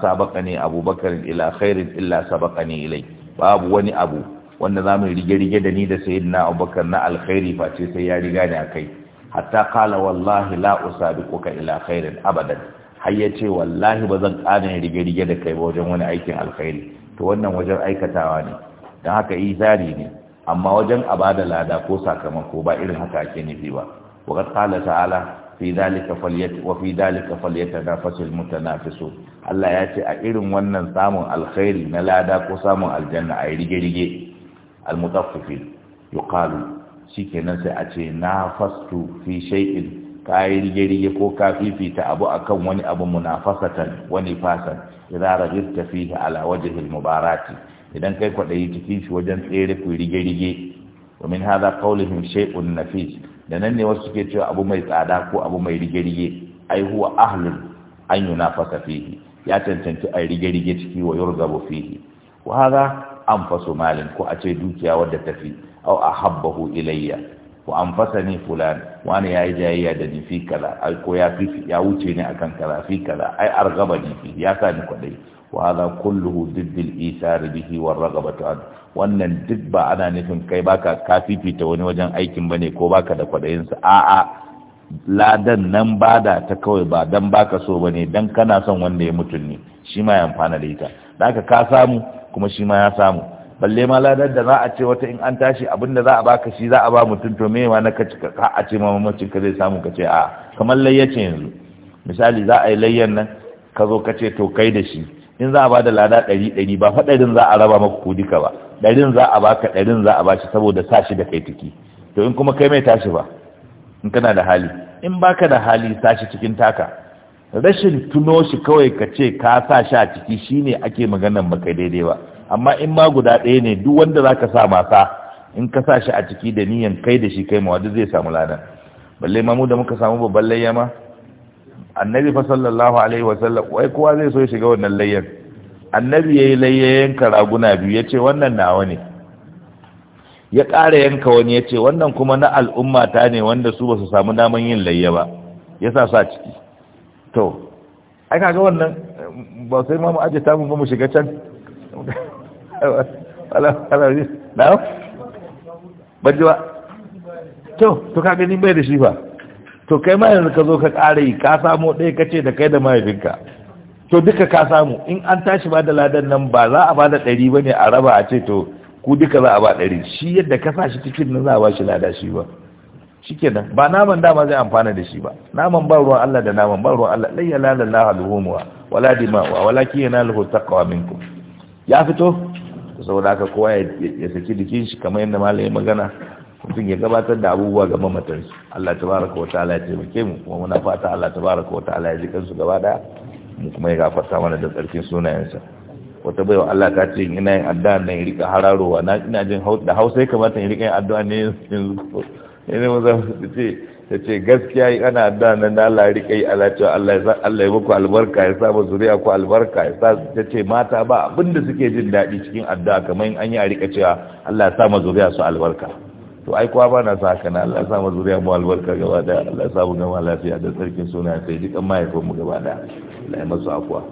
ne abubakar ila khairin illa ne ilai babu wani abu wanda mu rige rige da ni da sayyidina abubakar na alkhairi face sai ya riga ni akai hatta kala wallahi la usabiquka ila khairin abadan har ya ce wallahi ba zan ƙarin rige-rige da kai ba wajen wani aikin alkhairi to wannan wajen aikatawa ne don haka izari ne amma wajen a lada ko sakamako ba irin haka ake nufi ba wa qad qala ta'ala fi dhalika falyat wa fi na fi so. Allah ya ce a irin wannan samun alkhairi na lada ko samun aljanna a rige rige almutaffifin yuqalu shikenan sai a ce fastu fi shay'in ka yi rige rige ko ka fifita abu akan wani abu munafasatan wani fasan idza ragibta fihi ala wajhi al-mubarati idan kai kwadayi ciki shi wajen tsere ku rige rige wa min hadha qawlihim shay'un nafis da nan ne wasu suke cewa abu mai tsada ko abu mai rige rige ai huwa ahlul an yunafasa fihi ya cancanci a rige rige ciki wa yurgabu fihi wa hadha anfasu malin ko a ce dukiya wadda tafi aw ahabbahu ilayya wa anfasani fulan wani ya yi jayayya da ni fi ko ya fi ya wuce ni akan kala fi kala ai argaba ni fi ya sa ni kwadai wa hadha kulluhu diddil isar bihi war ragabatu an wannan duk ba ana nufin kai baka ka fifita wani wajen aikin bane ko baka da kwadayin sa a'a ladan nan bada ta kawai ba dan baka so bane dan kana son wanda ya mutun ne shi ma ya amfana da ita da ka samu kuma shi ma ya samu balle ma ladar da za a ce wata in an tashi abin da za a baka shi za a ba mutum to me ma na ka cika ka a ce ma mamacin ka zai samu ka ce a kamar layya ce yanzu misali za a yi layyan nan ka zo ka ce to kai da shi in za a ba da lada ɗari ɗari ba faɗarin za a raba maka ku duka ba ɗarin za a baka ɗarin za a ba shi saboda sa shi da kai ciki to in kuma kai mai tashi ba in kana da hali in baka da hali sa cikin taka rashin tuno shi kawai ka ce ka sa shi a ciki shine ake maganar maka daidai ba amma in ma guda ɗaya ne duk wanda za ka sa masa in ka sa shi a ciki da niyan kai da shi kai ma zai samu ladan balle ma mu da muka samu babban layya ma annabi fa sallallahu alaihi wa sallam wai kowa zai so ya shiga wannan layyan annabi yayi layya yanka raguna biyu yace wannan nawa ne ya ƙara yanka wani ya ce wannan kuma na al'umma ta ne wanda su ba su samu daman yin layya ba ya sa sa ciki to ai kaga wannan ba sai ma mu aje ta ba mu shiga can na'am ban ji ba to to ka gani bai da shi ba to kai ma yanzu ka zo ka ƙara yi ka samo ɗaya ka ce da kai da mahaifinka to duka ka samu in an tashi ba da ladan nan ba za a ba da ɗari ba ne a raba a ce to ku duka za a ba ɗari shi yadda ka sa shi cikin nan za a ba shi lada shi ba shi kenan ba naman dama zai amfana da shi ba naman ba ruwan Allah da naman ba ruwan Allah layya lalallahu alhumuwa wala wa wala kiyana lahu taqwa minkum ya fito saboda haka kowa ya saki jikin shi kamar yadda malamin magana mutum ya gabatar da abubuwa ga mamatansu Allah ta tabaraka wataala ya taimake mu kuma muna fata Allah ta tabaraka wataala ya ji kansu gaba daya mu kuma ya gafarta mana da tsarkin sunayensa wata baiwa Allah ta ce ina yin addu'a nan rika hararowa na ina jin da Hausa ya kamata in rika yin addu'a ne yanzu ne mun zama ce ta ce gaskiya yi ana da na da riƙe yi Allah cewa Allah ya muku albarka ya sa zuriya ku albarka ya sa ta ce mata ba abinda suke jin daɗi cikin addu'a kamar an yi a rika cewa Allah ya sa zuriya su albarka to ai kuwa ba na sa haka na Allah ya sa zuriya mu albarka gaba da Allah ya sa mu gama lafiya da sarkin suna yi dukan mahaifin mu gaba da Allah ya masu afuwa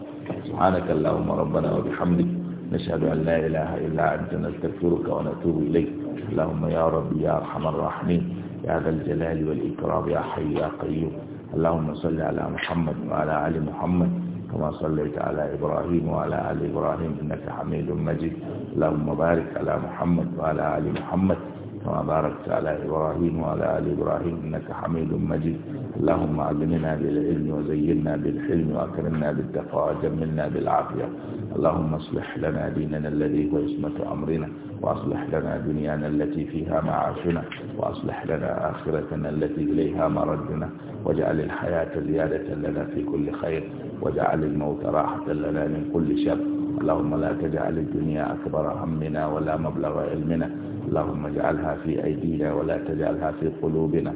subhanaka allahumma rabbana wa bihamdik nashhadu an la ilaha illa anta nastaghfiruka wa natubu ilayk allahumma ya rabbi ya ارحم الراحمين يا ذا الجلال والإكرام يا حي يا قيوم اللهم صل على محمد وعلى آل محمد كما صليت على إبراهيم وعلى آل إبراهيم إنك حميد مجيد اللهم بارك على محمد وعلى آل محمد كما باركت على إبراهيم وعلى آل إبراهيم إنك حميد مجيد اللهم علمنا بالعلم وزينا بالحلم وأكرمنا بالتقوى وجملنا بالعافية اللهم اصلح لنا ديننا الذي هو عصمة أمرنا وأصلح لنا دنيانا التي فيها معاشنا وأصلح لنا آخرتنا التي إليها مردنا واجعل الحياة زيادة لنا في كل خير واجعل الموت راحة لنا من كل شر اللهم لا تجعل الدنيا أكبر همنا ولا مبلغ علمنا اللهم اجعلها في أيدينا ولا تجعلها في قلوبنا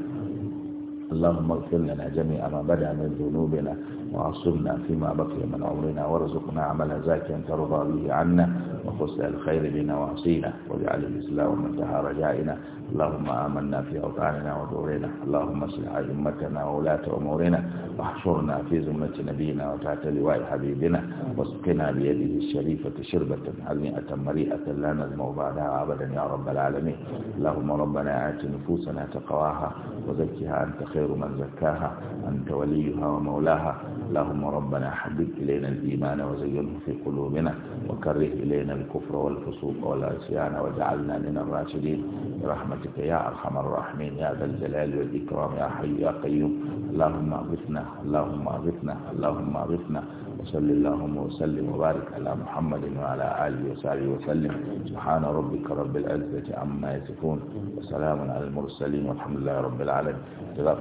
اللهم اغفر لنا جميع ما بدا من ذنوبنا وعصمنا فيما بقي من عمرنا وارزقنا عملا زاكيا ترضى به عنا وخسر الخير بنا وعصينا واجعل الإسلام منتهى رجائنا اللهم آمنا في أوطاننا ودورنا اللهم اصلح أئمتنا وولاة أمورنا واحشرنا في زمة نبينا وتحت لواء حبيبنا واسقنا بيده الشريفة شربة هنيئة مريئة لا نزمع بعدها أبدا يا رب العالمين اللهم ربنا آت نفوسنا تقواها وزكها أنت خير من زكاها أنت وليها ومولاها اللهم ربنا حبب إلينا الإيمان وزينه في قلوبنا وكره إلينا الكفر والفسوق والعصيان وجعلنا من الراشدين برحمتك برحمتك يا أرحم الراحمين يا ذا الجلال والإكرام يا حي يا قيوم اللهم أغثنا اللهم أغثنا اللهم أغثنا وصل اللهم وسلم وبارك على محمد وعلى آله وصحبه وسلم سبحان ربك رب العزة عما يصفون وسلام على المرسلين والحمد لله رب العالمين